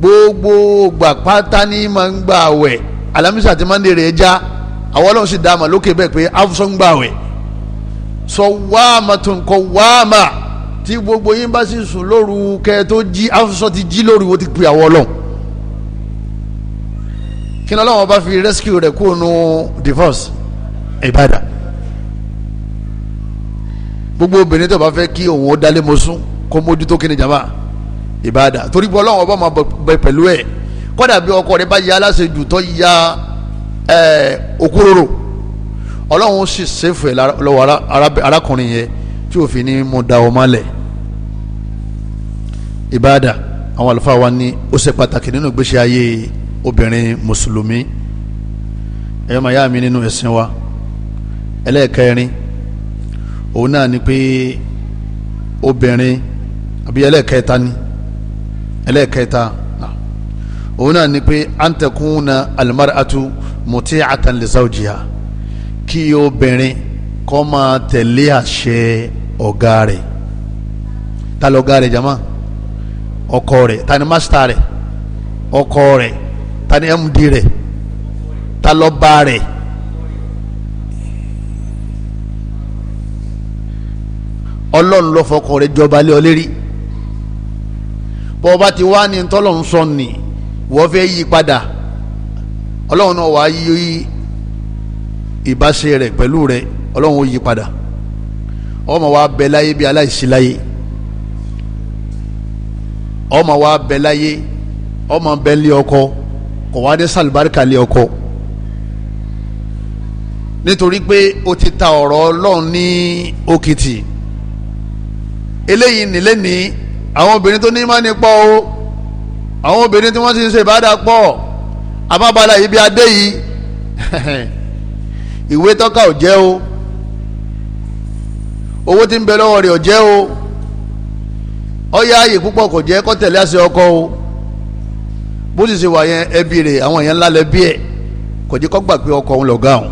gbogbo gbà pátá ní máa ń gbà wẹ̀ alamisa àti mande rẹ̀ já àwọn ọlọ́run sì dá a mà lókè bẹ́ẹ̀ pé hafsọ ń gbà wẹ̀ sọwámatùn kọwámà tí gbogbo yín bá sì sùn lóru kẹ tó jí hafsọ ti jí lóru o ti pè àwọn ọlọ́run kí ni ọlọ́run bá fi rescue rẹ̀ kúrò nù divorce ìbàdàn gbogbo obìnrin tó bá fẹ́ kí òun ó dálé mo sún kó mójútó kí ni jàmbá ìbáàdà torí bọ́ ọlọ́run ọba máa bẹ pẹ̀lú ẹ̀ kọ́dà bí ọkọ rẹ bá ya aláṣejù tó ya òkúròrò ọlọ́run sì ṣèfù ẹ̀ lọ́wọ́ arákùnrin yẹn tí òfin ni mo da ọmọ lẹ̀ ìbáàdà àwọn àlùfáà wa ní ó ṣe pàtàkì nínú ìgbésí ayé obìnrin mùsùlùmí ẹ̀yọ́ màá yá mi nínú ẹ̀sìn wa ẹlẹ́ẹ̀kẹrin òun náà ni pé obìnrin àbí ẹlẹ́ẹ̀kẹta ni ẹlẹ́ẹ̀kẹta òun náà ni pé antakuna almaratu muti'atan li zawjiha kí obìnrin kó máa tẹ̀lé àṣẹ ọ̀gá rẹ̀ ta lọ̀gá rẹ̀ jama ọkọ rẹ̀ ta ni mástà rẹ̀ ọkọ rẹ̀ ta ni md rẹ̀ ta lọ́ba rẹ̀ ọlọ́run ló fọkọ rẹ̀ jọba lé ọ lérí bọ́ ọba ti wá ní tọ́lọ́run sọ ni wọ́n fẹ́ yí padà ọlọ́run náà wàá yí ìbáṣe rẹ̀ pẹ̀lú rẹ̀ ọlọ́run ó yí padà ọmọ wa bẹ láyé bí aláìsí láyé ọmọ wa bẹ láyé ọmọ bẹ lé ọkọ kò wá dé sàlùbáríkà lé ọkọ nítorí pé o ti ta ọ̀rọ̀ ọlọ́run ní òkìtì eléyìí nílé ní àwọn obìnrin tó ní má ní pọ̀ o àwọn obìnrin tí wọ́n ti ń ṣe ìbádà pọ̀ àbábalà yìí bí adé yìí ìwé tọ́ka ò jẹ́ o owó tí ń bẹ lọ́wọ́ rẹ̀ ò jẹ́ o ọyá ààyè púpọ̀ kò jẹ́ kó tẹ̀lé àṣẹ ọkọ o bó sì ṣe wà yẹn ẹbí rẹ̀ àwọn èèyàn ńlá lẹ́bí ẹ̀ kò jẹ́ kó gbà pé ọkọ òun lọ̀gá òun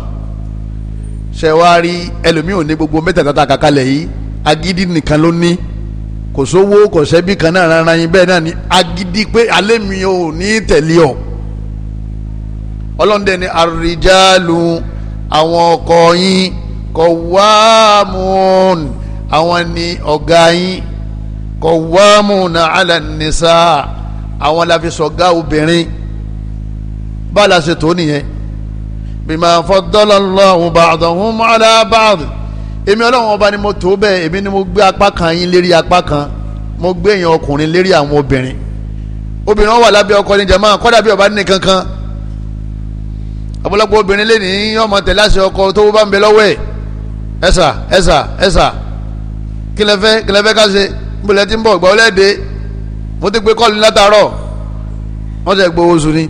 ṣe wá rí ẹlòmíì ò ní gbogbo mẹ́tẹ̀ẹ̀ta kàkálẹ̀ yìí agídí nìkan ló ní kò sówó kò sẹ́bí kan náà rárá yín bẹ́ẹ̀ náà ni agidi pé alẹ́ mi ò ní tẹ̀lé ọ ọlọ́ndẹ ni àrùjálù àwọn ọkọ yín kọ wáàmùn àwọn ni ọ̀gá yín kọ wáàmùn alànìsá àwọn la fi obìnrin bá a la ṣe tó nìyẹn bima faddala Allahu ba'dahum ala ba'd èmi ọlọ́run ọba ni mo tó bẹ́ẹ̀ èmi ni mo gbé apá kan yín lérí apá kan mo gbé èèyàn ọkùnrin lérí àwọn obìnrin obìnrin wà lábẹ́ ọkọ ní jama kọ́dà bí ọba ní kankan ọ̀pọ̀lọpọ̀ obìnrin lè ní ọmọ tẹ̀lé àṣẹ ọkọ tó bá ń bẹ lọ́wọ́ ẹ̀ ẹ̀sà ẹ̀sà ẹ̀sà kílẹ̀fẹ́ kílẹ̀fẹ́ ká ṣe nbọ̀lẹ̀ tí ń bọ̀ gbọ́ lẹ́ẹ̀dẹ́ mo ti gbé kọ́ọ̀lù látàárọ̀ wọ́n ti gbowó oṣù ni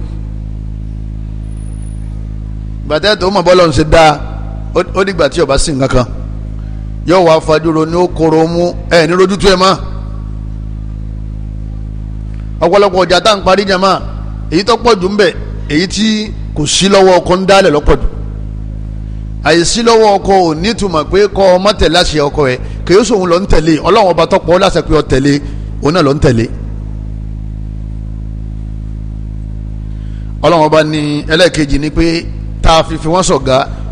gbàtẹ́ tó mọ̀ bọ́lọ̀ ṣe dáa ó dìgbà tí ọba sì kankan yóò wá fajúro ní ó mú ẹ ní lójútu ẹ má ọ̀pọ̀lọpọ̀ ọjà tá à ń parí jama èyí tó pọ̀ jù èyí tí kò sí lọ́wọ́ ọkọ ń dálẹ̀ lọ́pọ̀ àìsí lọ́wọ́ ọkọ ò ní túmọ̀ pé kọ́ ọmọ tẹ̀ láṣẹ ọkọ ẹ kìí sòun lọ ń tẹ̀lé ọba tọ́pọ̀ lọ tẹ̀lé ni pé tá a fi fi wọ́n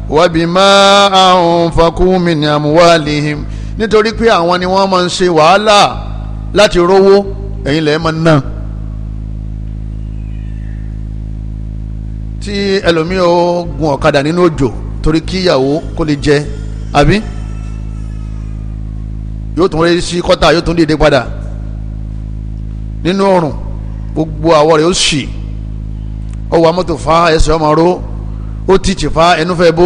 wabima anfaqu min amwalihim nítorí pé àwọn ni wọ́n máa ń ṣe wàhálà láti rówó ẹ̀yin lẹ́ẹ̀ máa ná. tí ẹlòmíì ó gun ọ̀kadà nínú òjò torí kí ìyàwó kó lè jẹ àbí yóò tún rí sí kọ́tà yóò tún dìde padà nínú ọrùn gbogbo àwọ̀ rẹ̀ ó sì ọwọ́ amọ́tò fa ẹsẹ̀ ọmọ ró ó ti tìfa ẹnu fẹ́ bó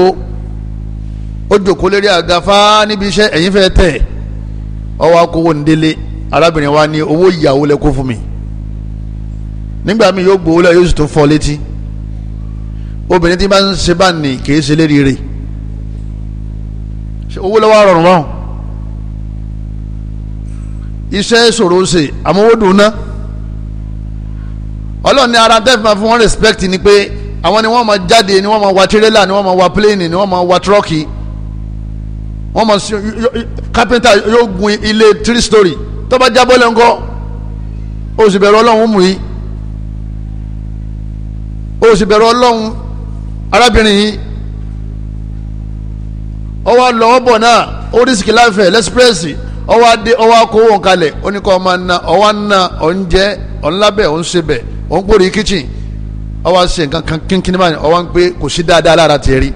ó jòkó lérí àga fá níbi iṣẹ́ ẹ̀yin fẹ́ tẹ̀ ọwọ́ akówó ń délé arábìnrin wa ní owó ìyàwó lẹ kó fún mi nígbà míì yóò gbowó lẹ yóò sì tó fọ létí obìnrin tí bá ń ṣe bá nì kìí ṣe lérí owó lọ́wọ́ rọrùn wọn iṣẹ́ ṣòro ṣe àmọ́ owó dùn ná ọlọ́ọ̀ni ara tẹ́fì máa fún wọn respect ni pé àwọn ni wọ́n máa jáde ni wọ́n máa wa tirẹ́là ni wọ́n máa wa pléènì ni wọ́n máa wa tírọ́ọ̀kì wọ́n máa sí kápẹ́ntà yóò gun ilé three story tó bá jábọ́ lẹ́ńkọ́ oṣù bẹ̀rù ọlọ́run mú yìí oṣù bẹ̀rù ọlọ́run arábìnrin yìí ọwọ́ lọ́wọ́ bọ̀ náà ó rísìkì láfẹ̀ lẹ́sípírẹ́sì ọwọ́ adé ọwọ́ akówó kalẹ̀ oníkọ́ ọmọ ọ̀nà ọ̀wọ́ ọ̀nà ọ̀njẹ́ ọ̀nlábẹ̀ ọ̀nsebẹ̀ ọ̀npọ̀rì kitchen ọwọ́ ṣe nǹkan kan kínkín báyìí ọwọ́ ń pé kò sí dáadáa lára tiẹ̀ rí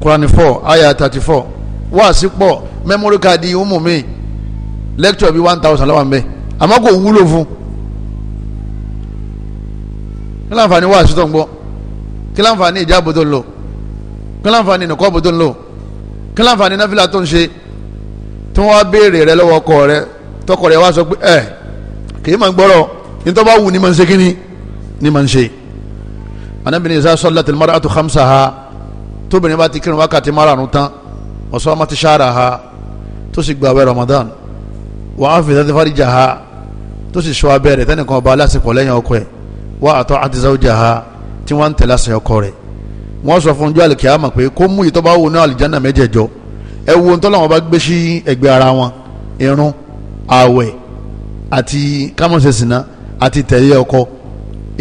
Quran four ayah thirty four wáàsí pọ̀ memory card ìhùnmù mi lecture bíi one thousand lọ́wọ́ mi àmọ́ kò wúlò fún kí láǹfààní wáàsí tó ń gbọ́ kí láǹfààní ìjáàbò tó ń lò kí láǹfààní nìkọ́bù tó ń lò kí láǹfààní náfìlà tó ń ṣe tí wọ́n wá béèrè rẹ lọ́wọ́ ọkọ rẹ tọkọ rẹ wá sọ pé ẹ kì í máa gbọ́rọ̀ nítorí wàá wù ní ma ń ṣe kíni ní ma ń anabini isa sọlá tẹlifara atu hamsa ha tóbìnrin bá ti kírun mara márùn tán ọ̀sán ọmọ ti ṣáàrà ha tó sì gba àwẹ̀ Ramadan wà á fi tẹ́tí fáríjà ha tó sì ṣọ́ abẹ́rẹ́ tẹ́nìkan ọba aláṣepọ̀ lẹ́yìn ọkọ ẹ̀ wà á tọ́ àti sáwùjà ha tí wọ́n ń tẹ̀lé àṣẹ ọkọ rẹ̀ wọ́n sọ fún jọ́ àlìkíyàmọ̀ pé kó mú ìtọ́ bá wò ní àlìjánà mẹ́jẹ̀jọ ẹ wo ntọ́ làwọn bá gbé sí ẹgbẹ́ ara wọn irun àwẹ̀ àti kámọ́sẹ̀sìnà àti ìtẹ̀lé ọkọ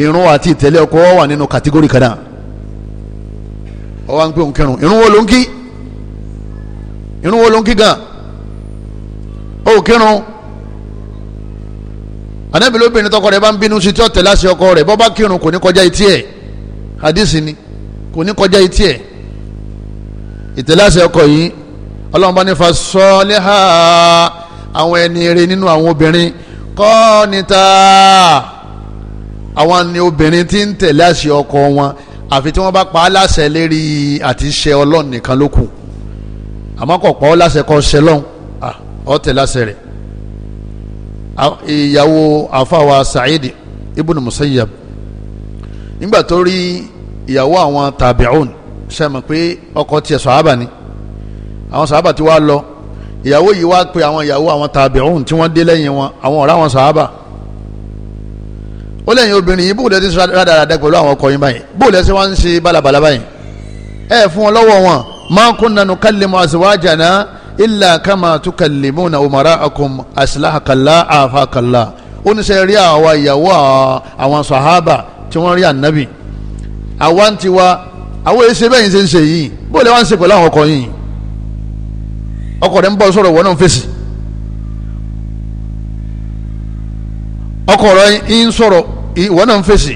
irun àti ìtẹ̀lé ọkọ wà nínú kàtígórì kan náà ọwọ́ ń pè òun kẹrùn irun wo ló ń kí irun wo ló ń kí gan ó kírun anabi lóbìnrin tọkọ rẹ bá ń bínú sí tí ó tẹ̀lé àṣẹ ọkọ rẹ bọ́ bá kírun kò ní kọjá etí ẹ̀ hadisi ni kò ní kọjá etí ẹ̀ ìtẹ̀lé àṣẹ ọkọ yìí ọlọ́run bá ní fa sọ́ọ́lẹ́hà àwọn ẹni rẹ nínú àwọn obìnrin kọ́ níta àwọn ni obìnrin tí ń tẹ̀lé àṣẹ ọkọ wọn àfi tí wọ́n bá pa á láṣẹ lérí àti ṣe ọlọ́run nìkan ló kù àmọ́ kò pa ọ́ láṣẹ kọ́ ṣe lọ́hùn ọ́ tẹ̀ láṣẹ rẹ̀ ìyàwó àfàwà Sa'id ibn Musayyab nígbà tó rí ìyàwó àwọn tàbíọ́n ṣe mọ̀ pé ọkọ tiẹ̀ sàhábà ni àwọn sàhábà ti wá lọ ìyàwó yìí wá pe àwọn ìyàwó àwọn tàbíùn tí wọ́n dé lẹ́yìn wọn àwọn ọ̀rá wọn sàábà ó lẹ́yìn obìnrin yìí bóòlù ẹ ti rádaràdà pẹ̀lú àwọn ọkọ yín báyìí bóòlù ẹ ti wá ń ṣe bálabàlà báyìí ẹ fún wọn lọ́wọ́ wọn ma kunna nukallimu azwajana illa kama tukallimuna umara'akum aslahakalla afakalla ó ní sẹ́ rí àwa ìyàwó àwọn sàhábà tí wọ́n rí ànábì àwa ń tiwa àwọn èsì bẹ́ẹ̀ ń ṣe ń ṣe yìí bóòlù ẹ wá ń ṣe pẹ̀lú àwọn ọkọ yìí ọkọ rẹ ń bọ̀ sọ̀rọ̀ ìwọ náà ń fèsì ọkọ rẹ ń sọ̀rọ̀ ìwọ náà ń fèsì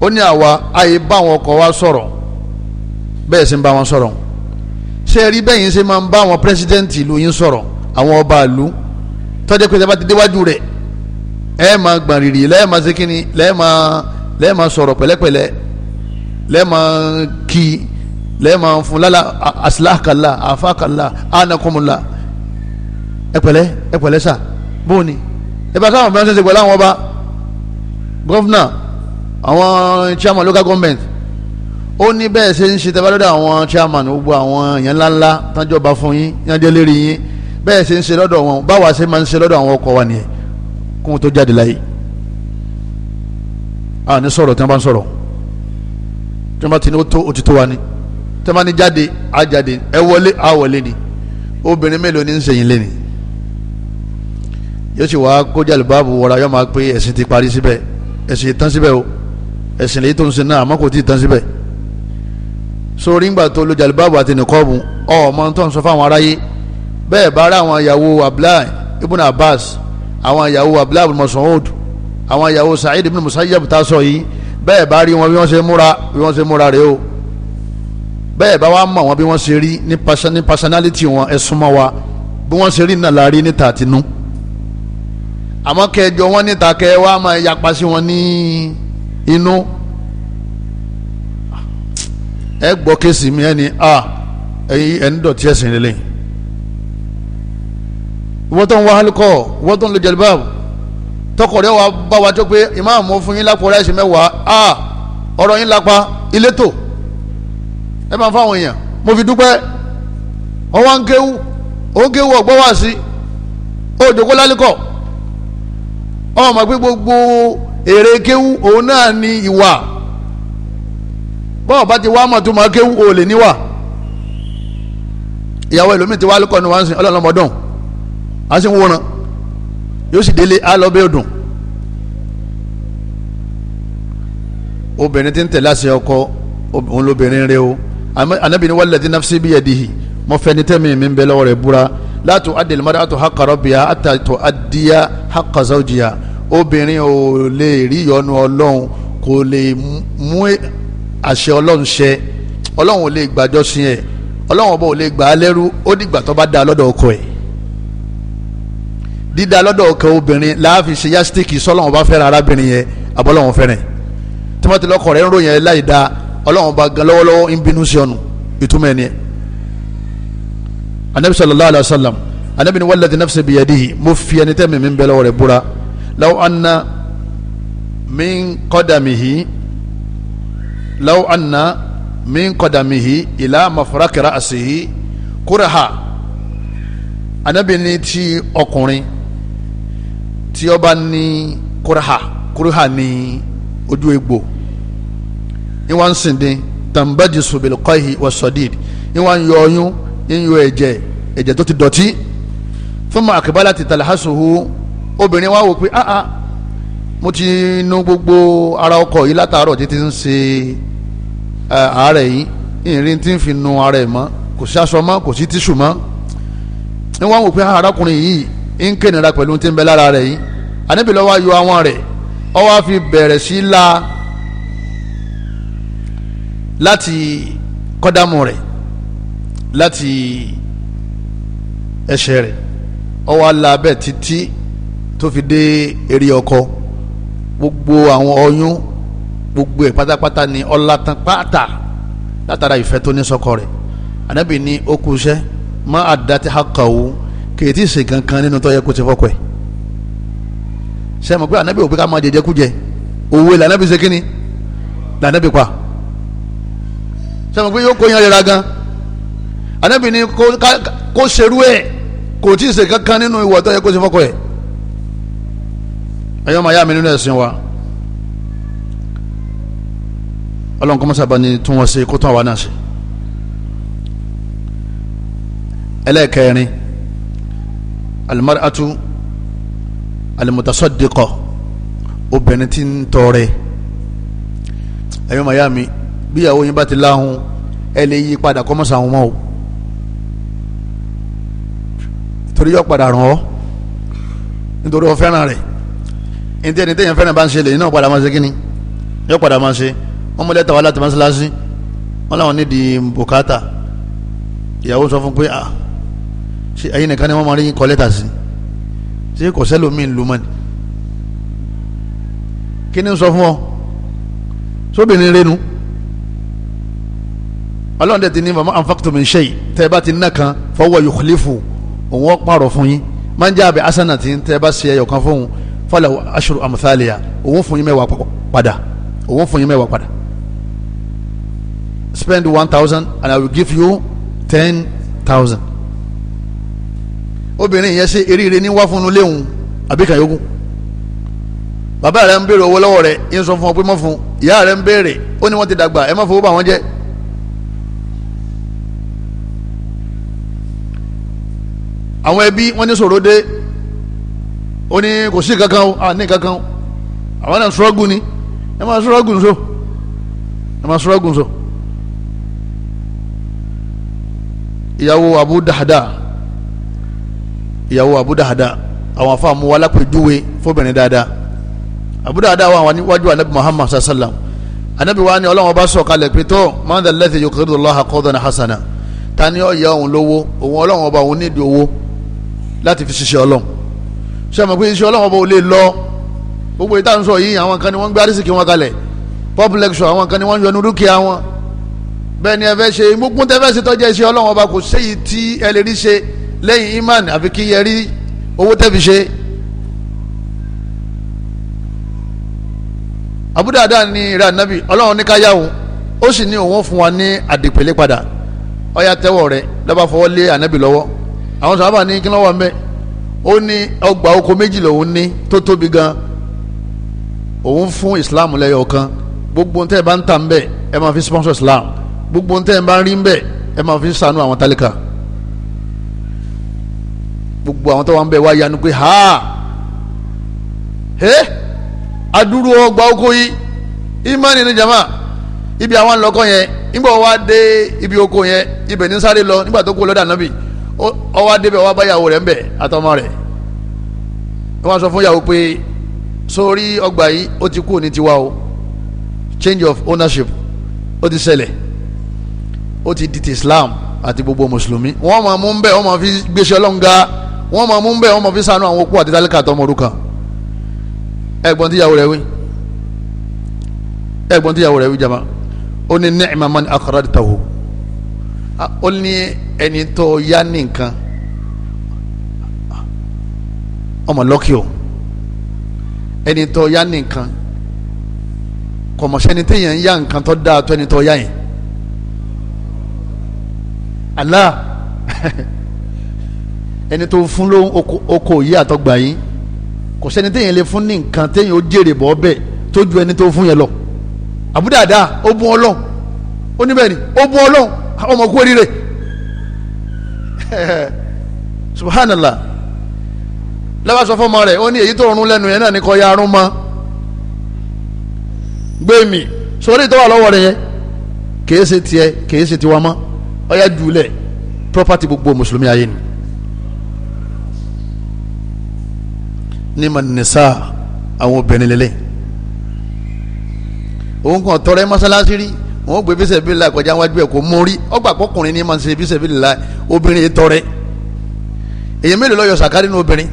ó ní àwa àyè bá àwọn ọkọ wa sọ̀rọ̀ bẹ́ẹ̀ sì ń bá wọn sọ̀rọ̀ ṣé ẹ rí bẹ́ẹ̀ yín ṣe máa ń bá àwọn pírẹsidẹ́ǹtì ìlú yín sọ̀rọ̀ àwọn ọba ìlú tọ́jú pé sábà ti déwájú rẹ̀ ẹ máa gbọ̀n rìrì lẹ́ẹ̀ máa ṣe kínni lẹ́ẹ̀ lẹ́ẹ̀ máa sọ̀rọ̀ pẹ̀lẹ́pẹ̀lẹ́ lẹ́ẹ̀ máa kí i lẹ́ẹ̀ma fún lálá asilakala afakala anakumula ẹpẹlẹ ẹpẹlẹ sà bóni ẹbá sáwọn bí wọn ṣe ṣe pẹ̀lú àwọn ọba gọvnà àwọn chairman local government ó ní bẹ́ẹ̀ ṣe ń ṣe tẹ́fà àwọn chairman gbogbo àwọn èèyàn ńláńlá tánjọba fún yín yánjẹ́ lérí yín bẹ́ẹ̀ ṣe ń ṣe lọ́dọ̀ wọn báwa ṣe máa ń ṣe lọ́dọ̀ àwọn ọkọ wa nìyẹn kóhun tó jáde láyé a sọ̀rọ̀ tí wọ́n bá ń sọ̀rọ̀ tí wọ́n bá ti ní ó ti tó wa ni tẹ́mání jáde á ẹ wọlé á wọlé ni obìnrin mélòó ní ń sèyìn lé ni yóò sì wá kójà lùbáàbù wọra yóò máa pé ẹ̀sìn ti parí síbẹ̀ ẹ̀sìn tán síbẹ̀ o ẹ̀sìn lèyí tó ń sin náà àmọ́ kò tí ì tán síbẹ̀ sórí ńgbà tó lo jàlùbáàbù àti nìkọ́ọ̀bù ọmọ tó ń sọ fáwọn aráyé bẹ́ẹ̀ bá rà àwọn ìyàwó abdullahi ibn abbas àwọn ìyàwó abdullahi ibn àwọn ìyàwó sa'id ibn musayyab tá a sọ yìí bẹ́ẹ̀ bá rí wọn bí wọ́n ṣe múra bí wọ́n ṣe múra rèé o bẹ́ẹ̀ bá wa mọ̀ wọn bí wọ́n ṣe rí ní personality wọn ẹ súnmọ́ wa bí wọ́n ṣe rí náà la rí níta tinú àmọ́ kẹjọ wọn níta kẹ wa máa yapa sí wọn ní inú ẹ gbọ́ kéésì mi ẹ a ẹyin ẹni dọ̀tí ẹ̀sìn lélẹ̀ wọ́n tó ń wá hálùkọ́ wọ́n tó ń lo jẹ̀lúbáàbù tọkọ̀ rẹ̀ wá bá wa tó pé ìmáàmù fún yín lápò ráìsì mẹ́wàá a ọ̀rọ̀ yín lápá ilé tó ẹ máa fáwọn èèyàn mo fi dúpẹ́ ọwọ́ ń kéwú ó ń kéwú ọ̀gbọ́n wá sí ó dòkó lálẹ́kọ̀ ọmọ pé gbogbo èrè kéwú òun náà ni ìwà bọ́ọ̀ bá ti wá mọ̀ tó máa kéwú ò lè níwà ìyàwó ẹlòmíì ti wá lẹ́kọ̀ọ́ ni wọ́n ń sìn ọlọ́run ọmọdún á sì ń wòran yóò sì délé á lọ bẹ́ẹ̀ dùn obìnrin ti ń tẹ̀lé àṣẹ ọkọ òun lóbìnrin rẹ o anabi ni walladhi nafsi biyadihi mo fẹni tẹ́mi mi ń bẹ lọ́wọ́ rẹ̀ búra la tu'addi al-mar'atu haqqa rabbiha hatta tu'addiya haqqa zawjiha obìnrin ò lè rí ìyọ́nú ọlọ́run kò lè mú àṣẹ ọlọ́run ṣẹ ọlọ́run ò lè gbàjọ́ sí ẹ̀ ọlọ́run ọba ò lè gbà á lẹ́rú ó dìgbà tó bá da lọ́dọ̀ ọkọ ẹ̀ dídá lọ́dọ̀ ọkọ obìnrin láàfin ṣe yásítìkì sọ́lọ́run ọba fẹ́ràn arábìnrin yẹn abọ́lọ́run fẹ́ràn tí wọ́n ti lọ́kọ̀ rẹ̀ ń ròyìn ẹ̀ láì dáa ọlọ́run bá gan lọ́wọ́lọ́wọ́ ń bínú sí ọ̀nù ìtumọ̀ ẹni ẹ̀ anabi sallallahu alayhi wa sallam anabi ni walladhi nafsi biyadihi mo fi ẹni tẹ́ mi mi bẹ́ lọ́wọ́ rẹ̀ búra law anna min qadamihi law anna min qadamihi ila mafaraki ra'sihi kuraha anabi ni ti ọkùnrin tí ó bá ní kuraha kuraha ní ojú egbò ní wọ́n ń sìn dín tàǹbàjì sùbìlì kọ́hì wà sọ̀díìd ní wọ́n ń yọ ọyún ń yọ ẹ̀jẹ̀ ẹ̀jẹ̀ tó ti dọ̀tí fún ma àkàbálà ti tàlàhásùhù obìnrin wa wò pé ah ah mo ti nu gbogbo ara ọkọ yìí látàárọ̀ títí ń ṣe àárẹ̀ yìí ìrìn tí ń fi nu ara ẹ̀ mọ́ kò sí aṣọ mọ́ kò sí tíṣù mọ́ ní wọ́n wò pé ah, arákùnrin yìí ń kéènìra pẹ̀lú tí ń bẹ lára rẹ̀ yìí àníbi lọ́wọ́ ayọ̀ àwọn rẹ̀ ó wá fi bẹ̀rẹ̀ sí la láti kọ́dámù rẹ̀ láti ẹsẹ̀ rẹ̀ ó wá la abẹ́ títí tó fi dé eré ọkọ gbogbo àwọn ọyún gbogbo ẹ̀ pátápátá ni ọ̀làtàn pátá látara ìfẹ́ tó ní sọ́kọ rẹ̀ ànábì ní ó kú iṣẹ́ má àdáti hakàwó kèétí ṣe kankan nínú tó yẹ kó ti fọ́kọ ẹ̀ sẹ́mi pé ànábì òbí ká máa jẹjẹ kú jẹ òwe lànàbì ṣe kínni lànàbì pa sẹ́wọ̀n pé yóò kó yan yẹra gan anabi ni kó serú ẹ̀ kò tí ì ṣe kankan nínú ìwà tó yẹ kó ṣe fọ́kọ ẹ̀ ẹ̀yọ́ máa yá mi nínú ẹ̀sìn wa ọlọ́run kọ́ mọ́sábà ni tún wọ́n ṣe kó tún àwa náà ṣe ẹlẹ́ẹ̀kẹrin alimaratu alimutasọ́dẹ́kọ̀ obìnrin tí ń tọrẹ ẹ̀yọ́ máa yá mi bí ìyàwó yín bá ti láhùn ẹ lè yí padà kọ́mọ́sà àwọn ọmọ o torí yọ padà ràn ọ́ nítorí ọ fẹ́ràn rẹ̀ ní tẹ́ni tẹ́yìn fẹ́ràn bá ń ṣe lè iná padà máa ṣe kíni yọ padà máa ṣe wọ́n mú lẹ́tà wá láti mọ́ṣáláṣí wọ́n láwọn nídìí bùkátà ìyàwó sọ fún pé à ṣe ẹ̀yin nìkan ni wọ́n máa rí kọ́ lẹ́tà sí ṣé kò sẹ́lòmíì ń lu mọ́ni kí sọ fún ọ sóbìnrin rẹ́nu. So ọlọ́run dẹ̀ ti ní mama anfaqtum min shay tẹ́ ẹ bá ti ná kan fahuwa yukhlifu òun ó pààrọ̀ fún yín máa ń jẹ́ àbẹ̀ hasanatin tẹ́ ẹ bá ṣe ẹyọ fóun falahu ashru amthaliha òun fún yín mẹ́wàá padà òun fún yín mẹ́wàá padà spend one thousand and I will give you ten thousand obìnrin yẹn ṣe eríire ní wá fún un léwu àbí kan yókù bàbá rẹ ń béèrè owó lọ́wọ́ rẹ yín sọ fún ọ pé mọ́ fún ìyá rẹ ń béèrè ó ní wọ́n ti dàgbà ẹ má fowó bá wọn jẹ́ àwọn ẹbí wọn ní sòrò dé ó ní kò sí kankan o à ní kankan o àwọn náà sọ́ọ́gù ni ẹ máa sọ́ọ́gù nso ẹ máa sọ́ọ́gù nso ìyàwó Abu Dahda ìyàwó Abu Dahda àwọn afáàmù wa alápèjúwe fóbìnrin dáadáa Abu Dahda wà níwájú anabi Muhammad sallam, anabi wa ni ọlọ́wọ́n bá sọ̀kalẹ̀ pé tó man dha alladhi yuqridu Allaha hasana tani ni ó yá òun lówó òun ọlọ́wọ́n ọba òun nídìí owó láti fi ṣiṣẹ́ ọlọ́run ṣe mọ̀ pé iṣẹ́ ọlọ́run ọba ò lè lọ gbogbo ìta ń sọ yìí àwọn kan ni wọ́n ń gbé arísìkì wọn kalẹ̀ pop lecture àwọn kan ni wọ́n ń yọnu dúkìá wọn bẹ́ẹ̀ ni ẹ fẹ́ ṣe gbogbo tẹ́ fẹ́ ṣe tọ́jú iṣẹ́ ọlọ́run ọba kò séyìí tí ẹ lè rí ṣe lẹ́yìn imán àfi kí yẹ rí owó tẹ́ fi ṣe. àbúdàdà ni ìrẹ́ ànábì ọlọ́run ní káyàwó ó sì ní òun fún wa ní àdìpẹ̀lẹ́ padà ó tẹ́wọ̀ rẹ̀ lọ́ba fọwọ́ lé ànábì lọ́wọ́ àwọn sábà ní kí ló wà ń bẹ ó ní ọgbà oko méjì lòun ní tó tóbi gan òun fún islam lẹ́yọ kan gbogbo ntẹ́ bá ń tà ń ẹ máa fi sponsor islam gbogbo ntẹ́ bá ń rí ń bẹ̀ ẹ máa fi ṣàánú àwọn tálíkà gbogbo àwọn tó wà ń wá yanu pé ha he adúrú ọgbà oko yìí imani ni jama ibi àwọn lọkọ yẹn nígbà wá dé ibi oko yẹn ibẹ̀ ní sáré lọ nígbà tó kú lọ́dà nàbì ọwọ adébẹ ọwọ abáyàwó rẹ ńbẹ àtọmọ rẹ wọn sọ fún yàwó pé sórí ọgbà yìí ó ti kú ní tiwa o change of ownership ó ti ṣẹlẹ̀ ó ti di ti Islam àti gbogbo mùsùlùmí wọn máa mú bẹ́ẹ̀ wọn máa fi gbèsè ọlọ́nga wọn máa mú bẹ́ẹ̀ wọn máa fi sànú àwọn okú àti tálíkà tọmọ orúkọ ẹ̀gbọ́n tíyàwó rẹ wí ẹ̀gbọ́n tíyàwó rẹ wí jama ó ní ni'ma man akhrajtahu ó ní ẹni tó yá ní nǹkan ọmọ lọ́kì o ẹni tó yá ní nǹkan kọ̀mọ̀sẹ́ni téèyàn ń yá nǹkan tó dáa tó ẹni tó yá yẹn Allah ẹni tó fún ló oko yìí àtọgbà yín kò sẹ́ni téèyàn lè fún ní nǹkan téèyàn ó jèrè bọ́ bẹ́ẹ̀ tó ju ẹni tó fún yẹn lọ àbúdàdà ó bún ọlọ́run ó ó bún ọlọ́run ọmọ kú oríire. subhanallah lọ́wọ́ sọ fún ọmọ rẹ̀ ó ní èyí tó rún lẹ́nu yẹn náà ní kọ́ ya arún mọ́ gbé mi sórí tó wà lọ́wọ́ rẹ̀ yẹn kìí ṣe tiẹ̀ kìí ṣe tiwa mọ́ ọ̀yà jùlẹ̀ property gbogbo mùsùlùmí ayé ni. ní manisa àwọn obìnrin lélẹ̀ òun kàn tọrẹ mọ́sálásí rí wọn gbé bísẹ̀ la kọjá wájú ẹ̀ kó mórí ọgbà kọkùnrin ni máa ń ṣe bísẹ̀ bílà obìnrin tọrẹ èyí mélòó lọ́yọ̀ sàkárì ní obìnrin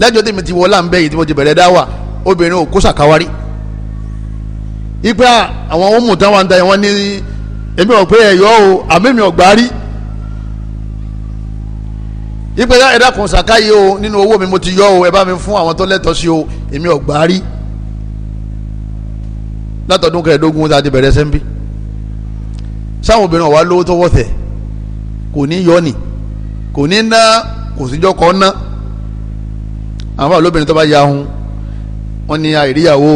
lẹ́jọ́ tèmi ti wọlá ń yìí tí mo ti bẹ̀rẹ̀ dá wà obìnrin ò kó sàkáwárí ipa àwọn ohun mùtá wa ń da yẹn wọ́n ní èmi ò pé ẹ̀yọ́ o àmì mi ò gbá rí ipa ẹ̀dá kan sàkáyé o nínú owó mi mo ti yọ o ẹ bá mi fún àwọn tó lẹ́tọ̀ọ́ sí o èmi ò gbá rí látọ̀dún kẹẹ̀ẹ́dógún tá a ti bẹ̀rẹ̀ sẹ́ńbí sáwọn obìnrin ọ̀wá lówó tọwọ́ tẹ̀ kò ní yọ ni kò ní ná kò síjọ́ kọ́ ná àwọn báwo lóbìnrin tó bá ya hun wọn ni àìríyàwó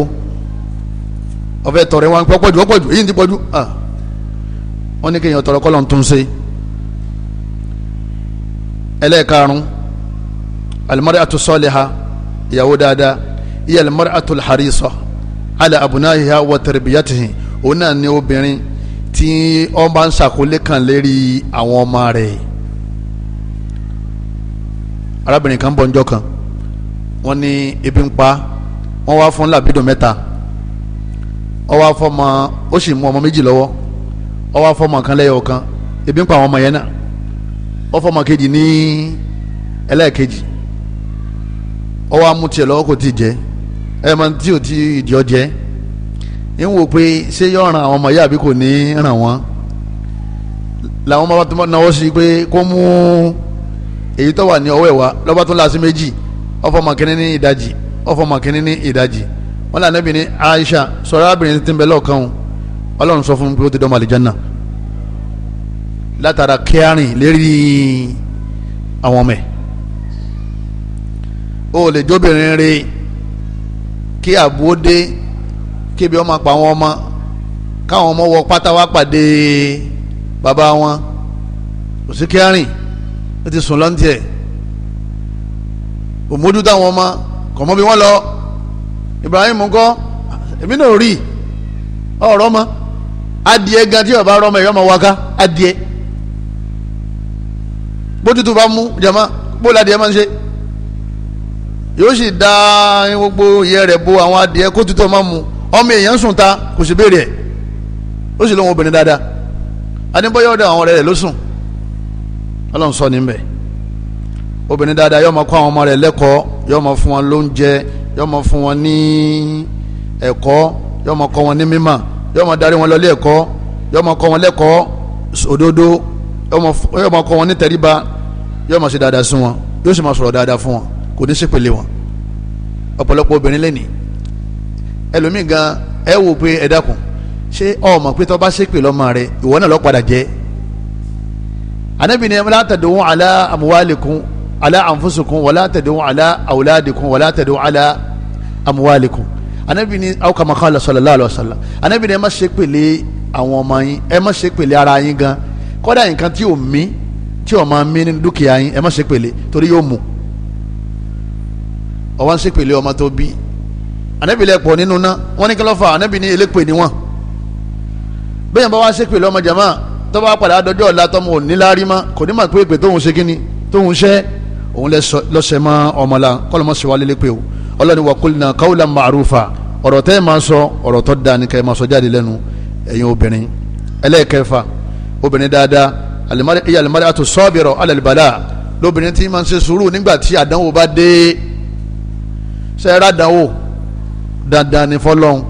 ọ̀fẹ́ tọrẹ wọn pọ̀ pọ̀jù pọ̀jù èyí ti pọ̀jù wọn ní kéèyàn tọrọ kọ́lọ̀ tó ń ṣe ẹlẹ́ẹ̀karùn al-mar'atu salihah ìyàwó dáadáa hiya al-mar'atu al-harisa ala abunahiha wa òun náà ni obìnrin tí wọ́n bá ń ṣàkólé kan lérí àwọn ọmọ rẹ arábìnrin kan bọ̀ ńjọ́ kan wọ́n ní ebi ń pa wọ́n wá fún làbídùn mẹ́ta wọ́n wá fọmọ ó sì mú ọmọ méjì lọ́wọ́ wọ́n wá fọmọ kan lẹ́yọ kan ebi ń pa àwọn ọmọ yẹn náà wọ́n fọmọ kejì ní ẹlẹ́ẹ̀kejì wọ́n wá mú tiẹ̀ lọ́wọ́ kò tí ì ẹ̀ tí ò tí ì jọ jẹ́ ń wò pé ṣé yọ ràn àwọn ọmọ yìí àbí kò ní ràn wọ́n làwọn ọmọ tó náwó sí pé kó mú èyí tó wà ní ọwọ́ ẹ̀ wá lọ́ba tó ń la sí méjì ọfọ mọ̀kínní ní ìdajì ọfọ mọ̀kínní ní ìdajì wọn là níbi ní Aisha sọ̀rọ̀ arábìnrin tí ń bẹ lọ́ọ̀kan o Ọlọ́run sọ fún mi pé ó ti dọ́mọ àlìjánná látara kẹrin lérí àwọn ọmọ ẹ̀ o lè jóbìnrin rẹ̀ kí àbúrò dé kébi ọmọ pa àwọn ọmọ káwọn ọmọ wọ pátá wá pàdé bàbá wọn kò sí kẹrin ó ti sùn lọ́ntì ẹ̀ òmójú táwọn ọmọ kọ̀ mọ́ bí wọ́n lọ Ibrahim ńkọ́ èmi náà rí ọ̀rọ̀ mọ́ adìẹ gan tí bàbá rọmọ ẹ̀yọ́ wá ká adìẹ bójútó bá mú jama bó ladìẹ máa ń ṣe yóò sì da gbogbo ìyẹ́ rẹ̀ bo àwọn adìẹ kó tutọ́ máa mú ọmọ èèyàn sùn ta kò sì béèrè ẹ̀ ó sì lóun obìnrin dáadáa adébọ́yọ̀ ọ̀dọ̀ àwọn ọ̀rẹ́ rẹ̀ ló sùn ọlọ́run sọ níbẹ̀ obìnrin dáadáa yóò máa kọ́ àwọn ọmọ rẹ̀ lẹ́kọ̀ọ́ yóò máa fún wọn lóúnjẹ yóò máa fún wọn ní ẹ̀kọ́ yóò máa kọ́ wọn ní mímọ̀ yóò máa darí wọn lọ ilé ẹ̀kọ́ yóò máa wọn lẹ́kọ̀ọ́ òdodo yóò máa kọ́ wọn ní tẹríba yóò máa ṣe dáadáa sí wọn yóò sì máa sọ̀rọ̀ dáadáa fún wọn kò ní ṣépele wọn ọ̀pọ̀lọpọ̀ obìnrin lẹ́nìí ẹlòmíì gan ẹ wò pé ẹ dákun ṣé ọmọ pé tọ́ bá ṣépè lọ́mọ rẹ ìwọ náà lọ́ padà jẹ́ anabi ni wala tad'u ala amwalikum ala anfusikum wala tad'u ala awladikum wala tad'u ala amwalikum anabi ni aw kama qala sallallahu alaihi wasallam anabi ni ẹ má ṣépè lé àwọn ọmọ yín ẹ má ṣépè lé ara yín gan kódà nǹkan tí ò mí tí ò máa mí nínú dúkìá yín ẹ má ṣépè torí yóò mú ọwọ́n ṣépè ọmọ tó bí anabi lẹ pọ̀ nínú ná wọ́n ní kílọ́fà anabi ní elépè ni wọ́n bẹ́ẹ̀ bá wá ṣépè lọ́mọ jama tó bá padà dọjọ́ ọ̀la tọmọ òní lárí ma kò ní mà pé èpè tóun ṣe kíni tóun ṣẹ́ òun lọ́sẹ̀ mọ́ ọmọ la kọ́lọ́mọ́ sì wá lélépè o ọlọ́ni wa kulna qawlan ma'rufa ọ̀rọ̀ tẹ́ ẹ máa sọ ọ̀rọ̀ tó da ni kẹ́ ẹ máa sọ jáde lẹ́nu ẹ̀yin obìnrin ẹlẹ́ẹ̀kẹfà obìnrin dáadáa iye alimari ato sọ́ọ̀bìrọ̀ alẹ́lẹ́bàlá lóbìnrin tí máa ń ṣe sùúrù nígbà tí àdánwò bá dé sẹ́ẹ̀rẹ́ dandan ni fọlọ́hún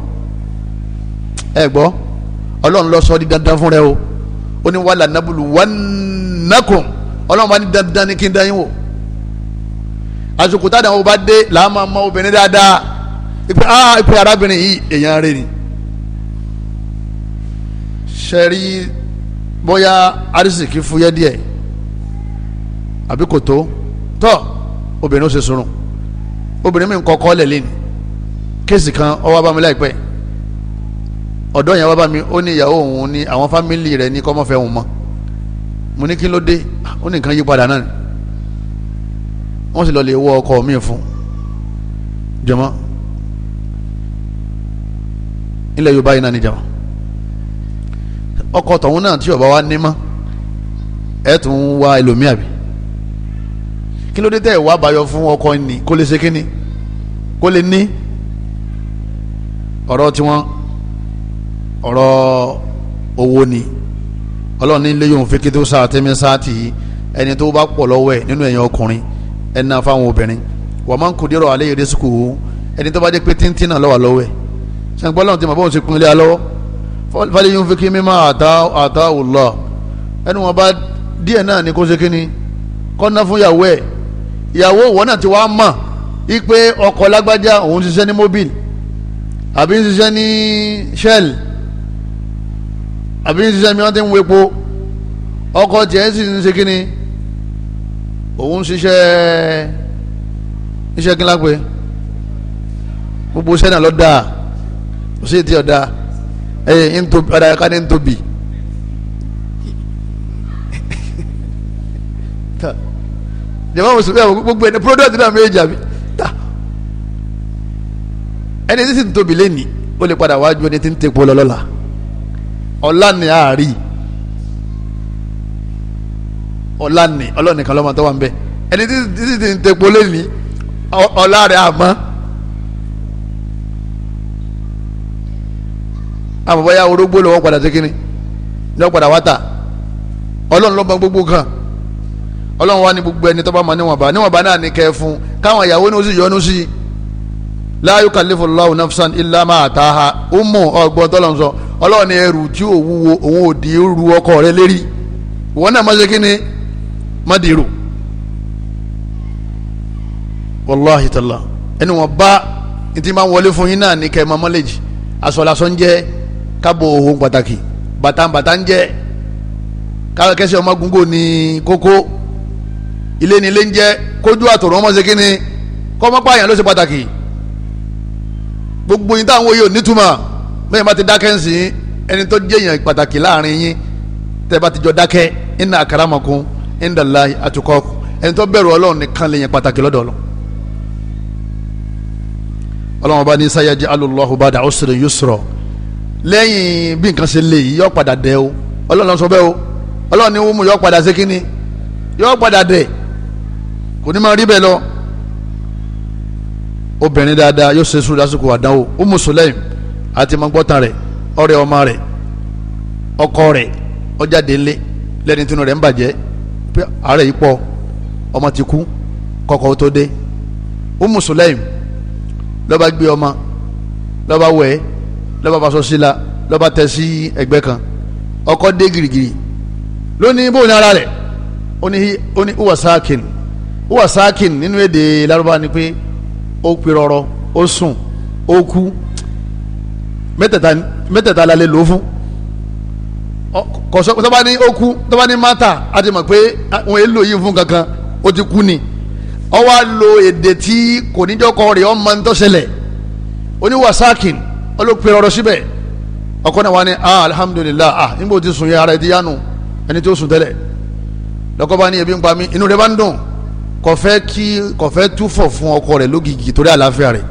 ẹ gbọ́ ọlọ́run lọ sọ di dandan fún rẹ o ó ní wàhálà nábùlù wánnákùn ọlọ́run bá ní dandan ni kí n dáyìn wò àsìkò tá àdàwọn bá dé làá mọ obìnrin dáadáa ìpè ah ìpè arábìnrin yìí èèyàn rẹ ni sẹ́rí bóyá arísìkí fúyẹ́ díẹ̀ àbí kò tó tọ́ obìnrin ó ṣe sùnrùn obìnrin mi ń kọ́kọ́ lẹ̀ lẹ́nu kéèsì kan ó wá bá mi láìpẹ́ ọ̀dọ́ yẹn wá mi ó ní ìyàwó òun ní àwọn fámìlì rẹ̀ ní kọ́mọ́fẹ́ òun mọ́ mo ní kí ló dé ó ní nǹkan yí padà náà wọ́n sì lọ lè wọ ọkọ mi fún jọmọ́ ilẹ̀ Yorùbá yìí náà ní jọmọ́ ọkọ tọ̀hún náà tí ọba wa ní mọ́ ẹ tún ń wá ẹlòmíì àbí kí ló dé tẹ́ ẹ̀ wá bayọ fún ọkọ ni kó lè ṣe kí ni kó lè ní ọ̀rọ̀ tiwọn ọ̀rọ̀ owó ni ọlọ́run ní ilé yòówù fi kíkó sáà tẹ́mi sáà tì í ẹni tó bá pọ̀ lọ́wọ́ ẹ̀ nínú ẹ̀yin ọkùnrin ẹni náà fáwọn obìnrin wọ́n máa ń kú dérò alẹ́ yèrè sùkú ẹni tó bá dé pé tíntín náà lọ́wọ́ lọ́wọ́ ẹ̀ sẹ́yìn gbọ́dọ̀ tí màbọ́n ti kún ilé alọ́wọ́ fọlẹ́ yóò fi kí mímọ́ àtà òlọ́ ẹni wọn bá díẹ̀ náà ni kó ṣe kí ni kọ́ná fún ìyàwó ẹ̀ ìyàwó ìwọ náà ti wá mọ̀ ipe ọkọ lágbájá òun ṣiṣẹ́ ní mobile àbí ń ṣiṣẹ́ ní shell àbí ń ṣiṣẹ́ mi wọ́n ti ń wepo ọkọ tiẹ̀ sì ń ṣe kí ni òun ń ṣiṣẹ́ iṣẹ́ kí n lápẹ́ gbogbo iṣẹ́ náà ló dáa kò sí ètí ọ̀dà ẹ̀yẹ ntobi ọ̀dà ẹ̀ka ní ntobi jẹ̀wọ́n mùsùlùmí àwọn gbogbo ẹni product náà méjì àbí ẹni tí sì ń tóbi lẹ́ni ó lè padà wájú ẹni tí ń tepo lọ lọ́la ọ̀la ni àárí ọ̀la ni ọlọ́nìkan lọ́mọ tó wà ń bẹ ẹni tí sì ń tepo lẹ́ni ọ̀la rẹ̀ àmọ́ àmọ̀bọ́yá orógbó lọ́wọ́ padà sí kínní lọ́wọ́ padà wá tà ọlọ́run ló mọ gbogbo kan ọlọ́run wá ní gbogbo ẹni tó bá mọ níwọ̀nba níwọ̀nba náà ní kẹ́ fún káwọn ìyàwó ní ó sì yọ ọ́ ní ó sì la yukallifu Allahu nafsan illa ma ataha umu ọgbọ́n tọ́lọ́nsọ ọlọ́run ni ẹrù tí ò wúwo òun ò di ọkọ rẹ lérí wọn náà má ṣe kí ni má di wàláhi tàlá ẹni wọn bá ntí máa wọlé fún yín náà ní kẹmọ ń ohun pàtàkì ń gbogbo yín táwọn yóò nítumọ̀ bẹ́ẹ̀ bá ti dákẹ́ ń sìn ẹni tó jẹ́ èèyàn pàtàkì láàrin yín tẹ́ bá ti jọ dákẹ́ inna akaramakum indallahi atqakum ẹni tó bẹ̀rù ọlọ́run nìkan lè yẹn pàtàkì lọ́dọ̀ ọlọ́ ọlọ́run bá ní sayaj'alu Allahu ba'da usrin yusra lẹ́yìn bí nǹkan ṣe lè yí yọ padà dẹ o ọlọ́run sọ bẹ́ẹ̀ o ọlọ́run ní wọ́n mú yọ padà ṣe kínní yọ padà dẹ kò ní máa rí bẹ́ẹ̀ lọ obìnrin dáadáa yóò ṣe sùúrù lásìkò àdánwò Umu Sulaim àti mọ̀gbọ́tàn rẹ̀ ọ̀rẹ́ ọmọ rẹ̀ ọkọ rẹ̀ ọjáde ńlẹ̀ lẹ́ni tínú rẹ̀ ń bàjẹ́ pé àárẹ̀ yìí pọ̀ ọmọ ti kú kọ́kọ́ tó dé Umu Sulaim lọ́ba gbé ọmọ lọ́ba wẹ̀ lọ́ba fasọ síla lọ́ba tẹ̀ sí ẹgbẹ́ kan ọkọ dé girigiri lónìí bóun ní ara rẹ̀ ó ní ó ní uwa sakin uwa sakin nínú èdè Lárúbáwá ni pé ó pirọrọ ó sùn ó kú mẹ́tẹ̀ẹ̀ta mẹ́tẹ̀ẹ̀ta la lè lò ó fún kọsọ tọba ní ó kú tọba ní mata a ti mọ̀ pé wọn èlò yìí fún kankan ó ti kú ni ọ wá lo èdè tí kò níjọ kọ rè ọ máa ń tọ́sẹ̀lẹ̀ oníwàsákìn ọlọ́pẹ̀rọ̀rọ̀ síbẹ̀ ọkọ náà wà ní ah alhamdulilah ah níbo ti sùn yẹn ara ẹ ti yánu ẹni tí sùn tẹ́lẹ̀ lọ́kọ́ bá ní ebi ń pa mí inú rẹ bá ń dùn kò fẹ́ kí kò fẹ́ túfọ̀ fún ọkọ rẹ̀ lógìgì torí àlàáfíà rẹ̀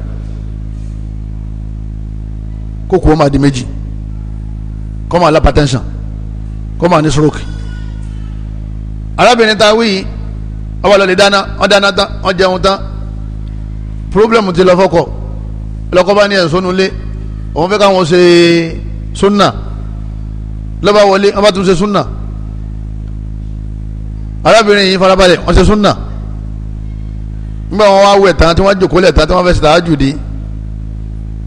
kókò ó máa di méjì kó máa lápàtẹ́ńsàn kó máa ní stroke arábìnrin ta wí ọba lọ lè dáná ọ dáná tán ọ jẹun tán problem ti lọ fọkọ lọkọ bá ní ẹ̀ sónúlé òun fẹ́ káwọn ṣe súnà lọ́ba wọlé ọba tún ṣe súnà arábìnrin yìí farabalẹ̀ wọ́n ṣe súnà nígbà wọn wá wẹ̀ tán tí wọ́n jòkó lẹ̀ tán tí wọ́n fẹ́ sita ájù di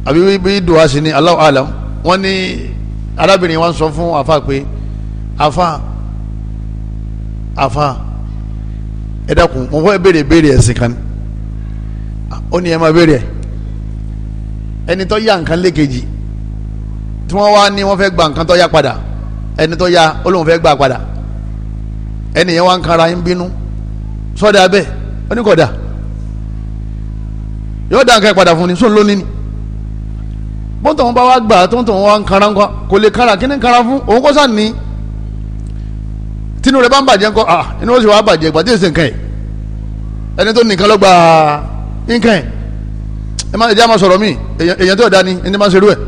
àbí bí dùwà sí ni Allahu alam wọ́n ní arábìnrin wọn sọ fún afa pé afa afa ẹ dákun mo fẹ́ béèrè béèrè ẹ̀sìn kan ó ní ẹ máa béèrè ẹ ẹni tó yá nǹkan lékejì tí wọ́n wá ní wọ́n fẹ́ gba nǹkan tó yá padà ẹni tó yá ó lóun fẹ́ gbà padà ẹni yẹn wá ń kanra ń bínú sọ́dà bẹ́ẹ̀ ó ní kódà yóò dá nǹkan ẹ̀ padà fún ni sóun lónìí ni bóńtò wọn bá wá gbà tó ń tò wọn wá ńkọ kò lè kara kí ni kara fún òun kó sàn ní tinú rẹ bá ń bàjẹ́ ńkọ ah inú ó sì wá bàjẹ́ ìgbà tí èsì nǹkan yìí ẹni tó nìkan ló gba nǹkan yìí ẹ má ẹ jẹ́ àmọ́ sọ̀rọ̀ mi èèyàn tó dá ẹni má serú ẹ̀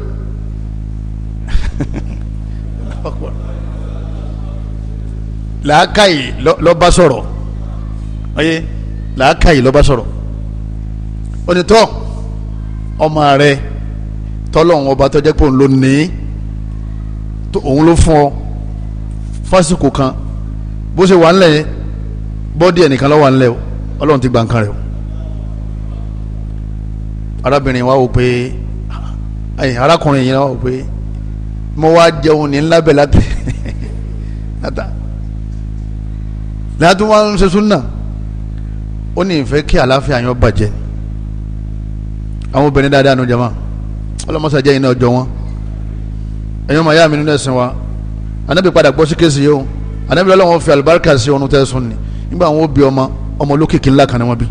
làákàyè lọ́ba sọ̀rọ̀ ọyẹ làákàyè lọ́ba sọ̀rọ̀ onítọ́ ọmọ rẹ tọ́lọ́hún ọba tó jẹ́ pé òun ló ní òun ló fún ọ fásitì kan bó ṣe wà ńlẹ̀ yẹn bọ́dí ẹnìkan lọ́wọ́ ńlẹ̀ o ti gba nǹkan o arábìnrin wa wò pé ẹyìn arákùnrin yìí wò pé mo wá jẹun ní ńlábẹ̀ láti láta láti wá ń ṣe súnà ó ní ìfẹ́ kí àlàáfíà yẹn bàjẹ́ ni àwọn obìnrin dáadáa nu jama ọlọmọsá jẹ́ iná ọjọ́ wọn ẹ̀yin ọmọ ayá mi nínú ẹ̀sìn wa anabi padà gbọ́ sí kéésì yìí o anabi lọ́wọ́ fi àlùbáríkà sí ọ̀nù tẹ̀sùn ni nígbà àwọn òbí ọmọ ọmọ olókìkí ńlá kan ni wọ́n bí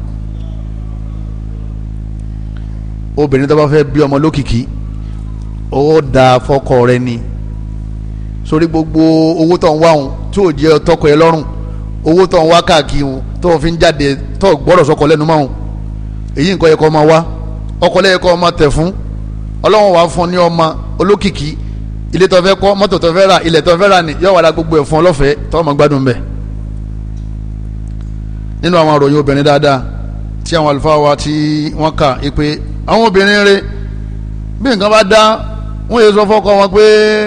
obìnrin tó bá fẹ́ bí ọmọ olókìkí ó da fọ́kọ rẹ̀ ni sórí gbogbo owó tó ń wá òun tí ò jẹ́ tọkọ ẹ lọ́rùn owó tó ń wá káàkiri òun tó ń jáde tó gbọ́dọ̀ sọkọ lẹ́nu máa òun èyí nǹkan yẹ kó máa wá ọkọ lẹ́yìn kọ́ ọmọ tẹ̀ fún ọlọ́run wàá fún ní ọmọ olókìkí ilé tó fẹ́ kọ́ mọ́tò tó fẹ́ rà ilẹ̀ tó fẹ́ rà ni yọ wàrà gbogbo ẹ̀ fún ọlọ́fẹ́ tó ọmọ gbádùn bẹ̀. nínú àwọn àròyìn obìnrin dáadáa tí àwọn àlùfáà wa tí wọ́n kà é pé àwọn obìnrin rẹ̀ bí nǹkan bá dá wọ́n yẹ sọ fọ́kọ wọn pé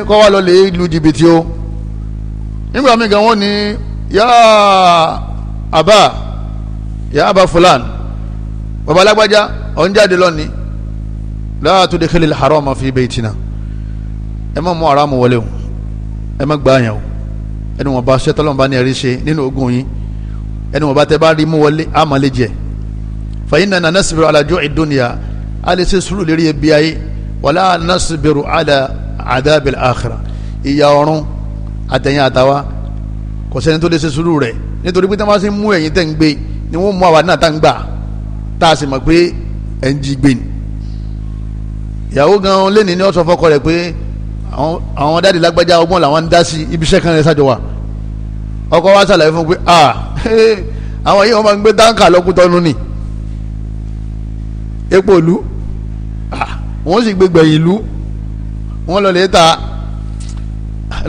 kọ́ wa lọ lè lu jìbìtì o nígbà míì gan wọ́n ní yáa àbá yáa àbá fúlàní baba alágbájá ọ̀n jáde lónìí la tudkhilil harama fi baytina ẹ má mú haramu wọlé o ẹ má gbà yàn o ẹni wọn bá sẹ́tọ́lọ́n bá ní ẹ̀rí ṣe nínú ogun yín ẹni wọn bá tẹ bá rí mú wọlé àmọ́ lè jẹ fa inna nasbiru ala ju'i dunya a lè ṣe sùúrù lérí ebi ayé wala nasbiru ala adabil akhirah ìyà ọ̀run àtẹ̀yìn àtàwa kò tó lè ṣe sùúrù nítorí pé tí wọ́n bá ṣe mú ẹ̀yìn tẹ̀ ń gbé ni wọ́n mú àwa náà tá ń gbà tá a sì mọ̀ pé ẹ̀ ń jí gbé ni ìyàwó gan-an lẹ́ni ni wọ́n sọ fọ́kọ rẹ̀ pé àwọn dáàdi lágbájá ọgbọ́n làwọn ń dá sí ibiṣẹ́ kan rẹ̀ sájọ wa ọkọ wa ṣàlàyé fún un pé ah àwọn yìí wọ́n máa ń gbé táǹkà lọ́kùtọ́nù ni epo ìlú wọ́n sì gbé gbẹ̀yìn ìlú wọ́n lọ lè ta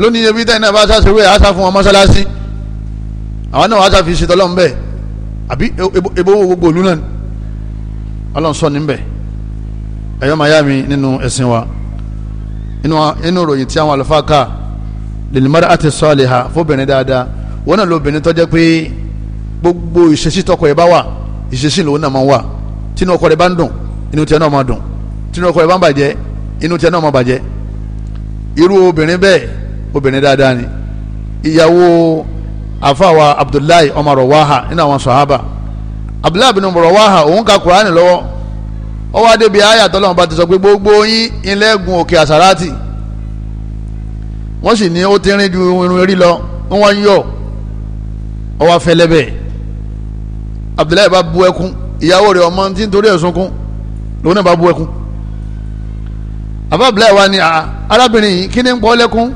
lónìí ebi tẹ́yìn náà bá ṣàṣewé àṣà fún wọn mọ́ṣáláṣí àwọn náà wàá ṣàfihàn ṣètọ́lọ́mù àbí ebo gbogbo ìlú náà ọlọ́run sọ níbẹ̀ ẹ̀yọ́ màyá mi nínú ẹ̀sìn wa inú ròyìn tí àwọn àlùfáà kà lèlùmọ́rì àti sọ́ọ̀lì ha fóbìnrin dáadáa wọn náà lóbìnrin tọ́jẹ́ pé gbogbo ìṣesí tọkọ ẹ̀ bá wà ìṣesí lòun náà máa wà tínú ọkọ rẹ̀ bá ń dùn inú tiẹ̀ náà máa dùn tínú ọkọ rẹ̀ bá ń bàjẹ́ inú tiẹ̀ náà máa bàjẹ́ irú obìnrin bẹ́ẹ̀ obìnrin dáadáa ni ìyàwó àfàwà Abdullahi ọmọ rọ̀ wáhà nínú àwọn sọ̀hábà abdullahi bin murawaha òun ka kuraani lọ́wọ́ ó wá débi aya tọ́lọ́mù bá ti sọ pé gbogbo yín ilẹ̀gùn òkè àsàràtì wọ́n sì ní ó ti rìn ju irun rí lọ wọ́n ń yọ̀ ó wá fẹ́ lẹ́bẹ̀ẹ́ abdullahi bá bu ẹkún ìyàwó rẹ̀ ọmọ tí nítorí ẹ̀sùn kún lòun náà bá bu ẹkún àbá abdullahi wa ni arábìnrin yìí kí ni ń pọ́ lẹ́kún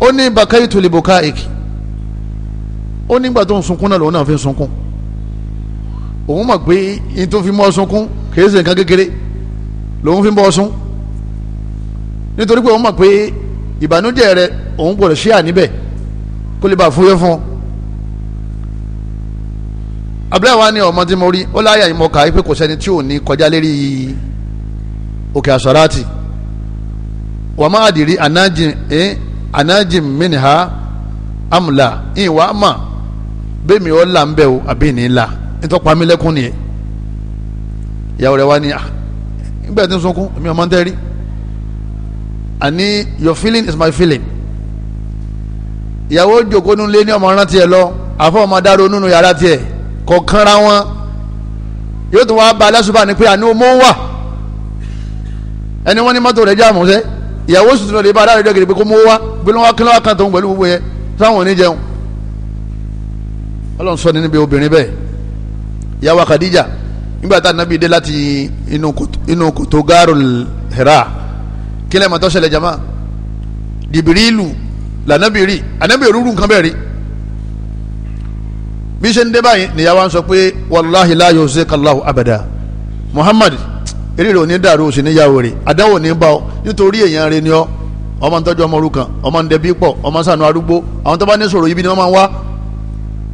ó ní bakayi toliboka èkì ó nígbà tó ń sunkún náà lòun náà fi ń sunkún òun mọ̀ pé yín tó fi mọ́ sunkún kì í ṣe nǹkan kékeré lòun fi mọ́ sun nítorí pé òun mọ̀ pé ìbànújẹ́ rẹ òun gbọ́dọ̀ à níbẹ̀ kó lè bá fúyẹ́ fún un abúlé ni ọmọ tí mo rí ó láyà ìmọ̀ ká pé kò sẹ́ni tí ò ní kọjá lérí òkè àsọ̀ràtì wà má ìwà bẹ́ẹ̀ mi ò là ń bẹ̀ o àbí ní nítorí pa mí lẹ́kún nìyẹn ìyàwó rẹ̀ wá ní à ah, nígbà tí n sunkún èmi ọmọ ń tẹ́rí your feeling is my feeling ìyàwó jòkó nínú ilé ní ọmọ rántí ẹ lọ àfọ ọmọ dáró nínú yàrá tiẹ̀ kọ kánra wọn yóò tún wáá ba alásùbà ni pé àní o mọ ń wà ẹni wọn ní mọ́tò rẹ̀ jẹ́ àmọ́sẹ́ ìyàwó sùn lọ́ọ́ lè bá adájọ́ gidi pé kó mọ wá bí wọ́n wá kí lọ́wọ́ tó ń pẹ̀lú gbogbo yẹ sáwọn ò ní jẹun ọlọ́run sọ ní níbi obìnrin bẹ́ẹ̀ yàwá Khadija nígbà tá anabi dé láti inú kòtò inú gaarul Hira kílẹ̀ mọ́tò ṣẹlẹ̀ jama dìbìrìlù lànàbì rí anabi òrùrù nǹkan bẹ́ẹ̀ rí bí ṣe ń dé báyìí nìyàwó sọ pé wàláhi la yuzika Allahu abada Muhammad eré rẹ̀ ò ní dàrú òsì níyàwó rẹ̀ àdáwò ní bá ọ nítorí èèyàn rẹ̀ ni ọ ọmọ ń tọ́jú ọmọ òrukàn ọmọ ń dẹbí pọ̀ ọmọ ń sànú arúgbó àwọn tó bá ní sọ̀rọ̀ ibi ni wọ́n máa ń wá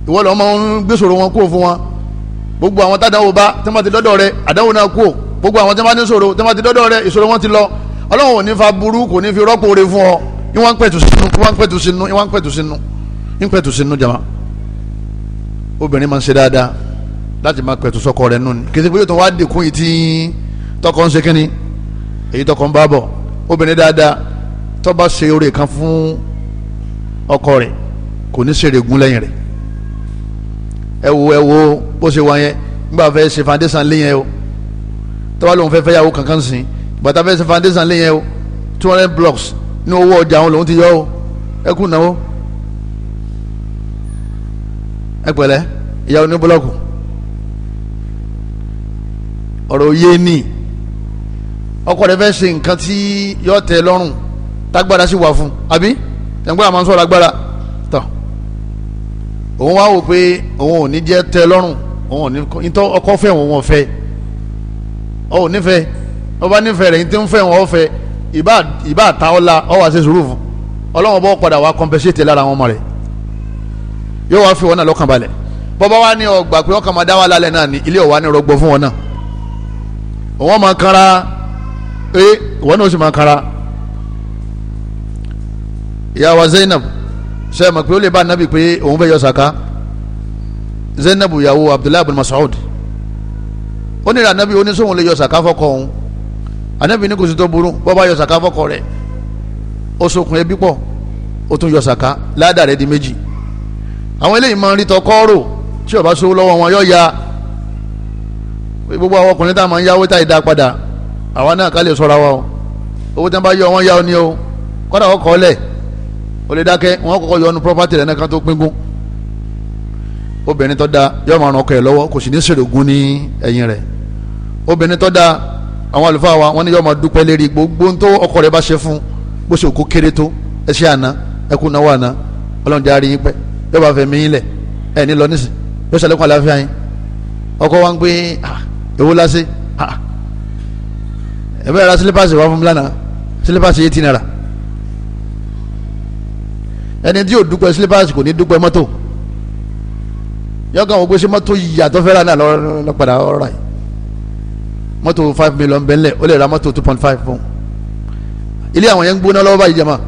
ìwọ́lọ́ ọmọ ń gbé sọ̀rọ̀ wọn kúrò fún wọn gbogbo àwọn tádàwọ̀ bá tí wọ́n ti dọ́dọ̀ rẹ àdáwò náà kú gbogbo àwọn tí wọ́n ti sọ̀rọ̀ tí wọ́n ti dọ́dọ̀ rẹ ìṣòro wọn ti lọ ọlọ́run ò ní fa burú kò ní fi rọ́pò rẹ fún ọ ìwọ́n ń pẹ̀tù sínú ìwọ́n ń pẹ̀tù sínú ìwọ́n ń pẹ̀tù sínú ń pẹ̀tù sínú jama obìnrin máa ń ṣe dáadáa láti máa pẹ̀tù sọkọ rẹ̀ nù ni kìsì pé yóò tún wá dìkún yìí tí tọkọ ń ṣe kínni èyí tọkọ ń bá bọ̀ obìnrin dáadáa tó ẹ wo ẹ wo bó ṣe wà yẹn nígbà fẹ́ ṣe foundation lé yẹn o tọ́wá lòun fẹ́ fẹ́ yàwó kankan sìn bàtà fẹ́ ṣe foundation lé yẹn o two hundred blocks ní owó ọjà òun lòun ti yọ o ẹ kú náwó ẹ pẹ̀lẹ́ ìyá oní búlọ́ọ̀kù ọ̀rọ̀ yé ni ọkọ rẹ fẹ́ ṣe nǹkan tí yọ tẹ́ lọ́rùn tágbára sì wà fún àbí ẹgbẹ́ àmọ́ sọ̀rọ̀ agbára tán òun wá wò pé òun ò ní jẹ́ tẹ́ lọ́rùn òun ò ní tọ́ ọkọ fẹ́ òun wọn fẹ́ ọ ò nífẹ̀ẹ́ ọba nífẹ̀ẹ́ rẹ̀ ní tí ń fẹ́ wọn fẹ́ ìbá àta ọ̀la ọ wà ṣe sùúrù fún ọlọ́wọ́n bọ́ padà wá compensate lára àwọn ọmọ rẹ̀ yóò wá fi wọn náà lọ́kàn balẹ̀ bọ́bá wa ní ọgbà pé ọkàn máa dá wà lálẹ́ náà ní ilé ọ̀wá ní rọgbọ fún wọn náà òun máa kanra ẹ wọn náà sì máa kanra ìyá wa Zainab sẹ́yìn mọ̀ pé ó lè bá nàbì pé òun fẹ́ yọ sàká zainabu yahoo abdullahi bin masoud ó ní anabi oníṣòwò lè yọ sàkáfọkọ òun anabi ní kò sí tó burú bọ́ba yọ sàkáfọkọ rẹ̀ ó sokùn ẹbí pọ̀ ó tún yọ sàká ládàá rẹ̀ di méjì àwọn eléyìí máa ń rí tọkọ́rò tí ó bá sówó lọ́wọ́ wọn yọ ya gbogbo àwọn ọkùnrin tá a máa ń yáwó tá a yìí dá padà àwa náà ká lè sọra wa o owó tí wọn bá yọ wọn yá ọ ní o kọ́dà ọkọ̀ ọ̀lẹ̀ ó lè dákẹ́ wọn kọ́kọ́ yọ ọ́nu property rẹ̀ náà kan tó pín obìnrin tó da yóò máa ran ọkọ ẹ̀ lọ́wọ́ kò sì ní ṣèrògùn ní ẹ̀yìn rẹ̀ obìnrin tó da àwọn àlùfáà wa wọ́n ní yóò máa dúpẹ́ lérí gbogbo tó ọkọ rẹ̀ bá ṣe fún bó ṣe òkú kéré tó ẹ ṣe àná ẹ kú náwó àná ọlọ́run jẹ́ àárín yín pẹ́ yóò bá fẹ́ mí lẹ̀ ẹ ní lọ nísìn yóò ṣàlékún àlàáfíà yín ọkọ wa ń pè èwo lásì ẹ ra sílípàsì wá fún mi sílípàsì yìí ti nara ẹni tí yóò dúpẹ́ sílípàsì kò ní dúpẹ́ mọ́tò yọkàn wọ́n gbèsè mọ́tò yàtọ̀ fẹ́ràn náà lọ́padà ọ̀rọ̀ yìí mọ́tò five million bẹ́ńlẹ̀ ó lè ra mọ́tò two point five fún ilé àwọn yẹn ń gbóná lọ́wọ́ báyìí jẹ́mọ́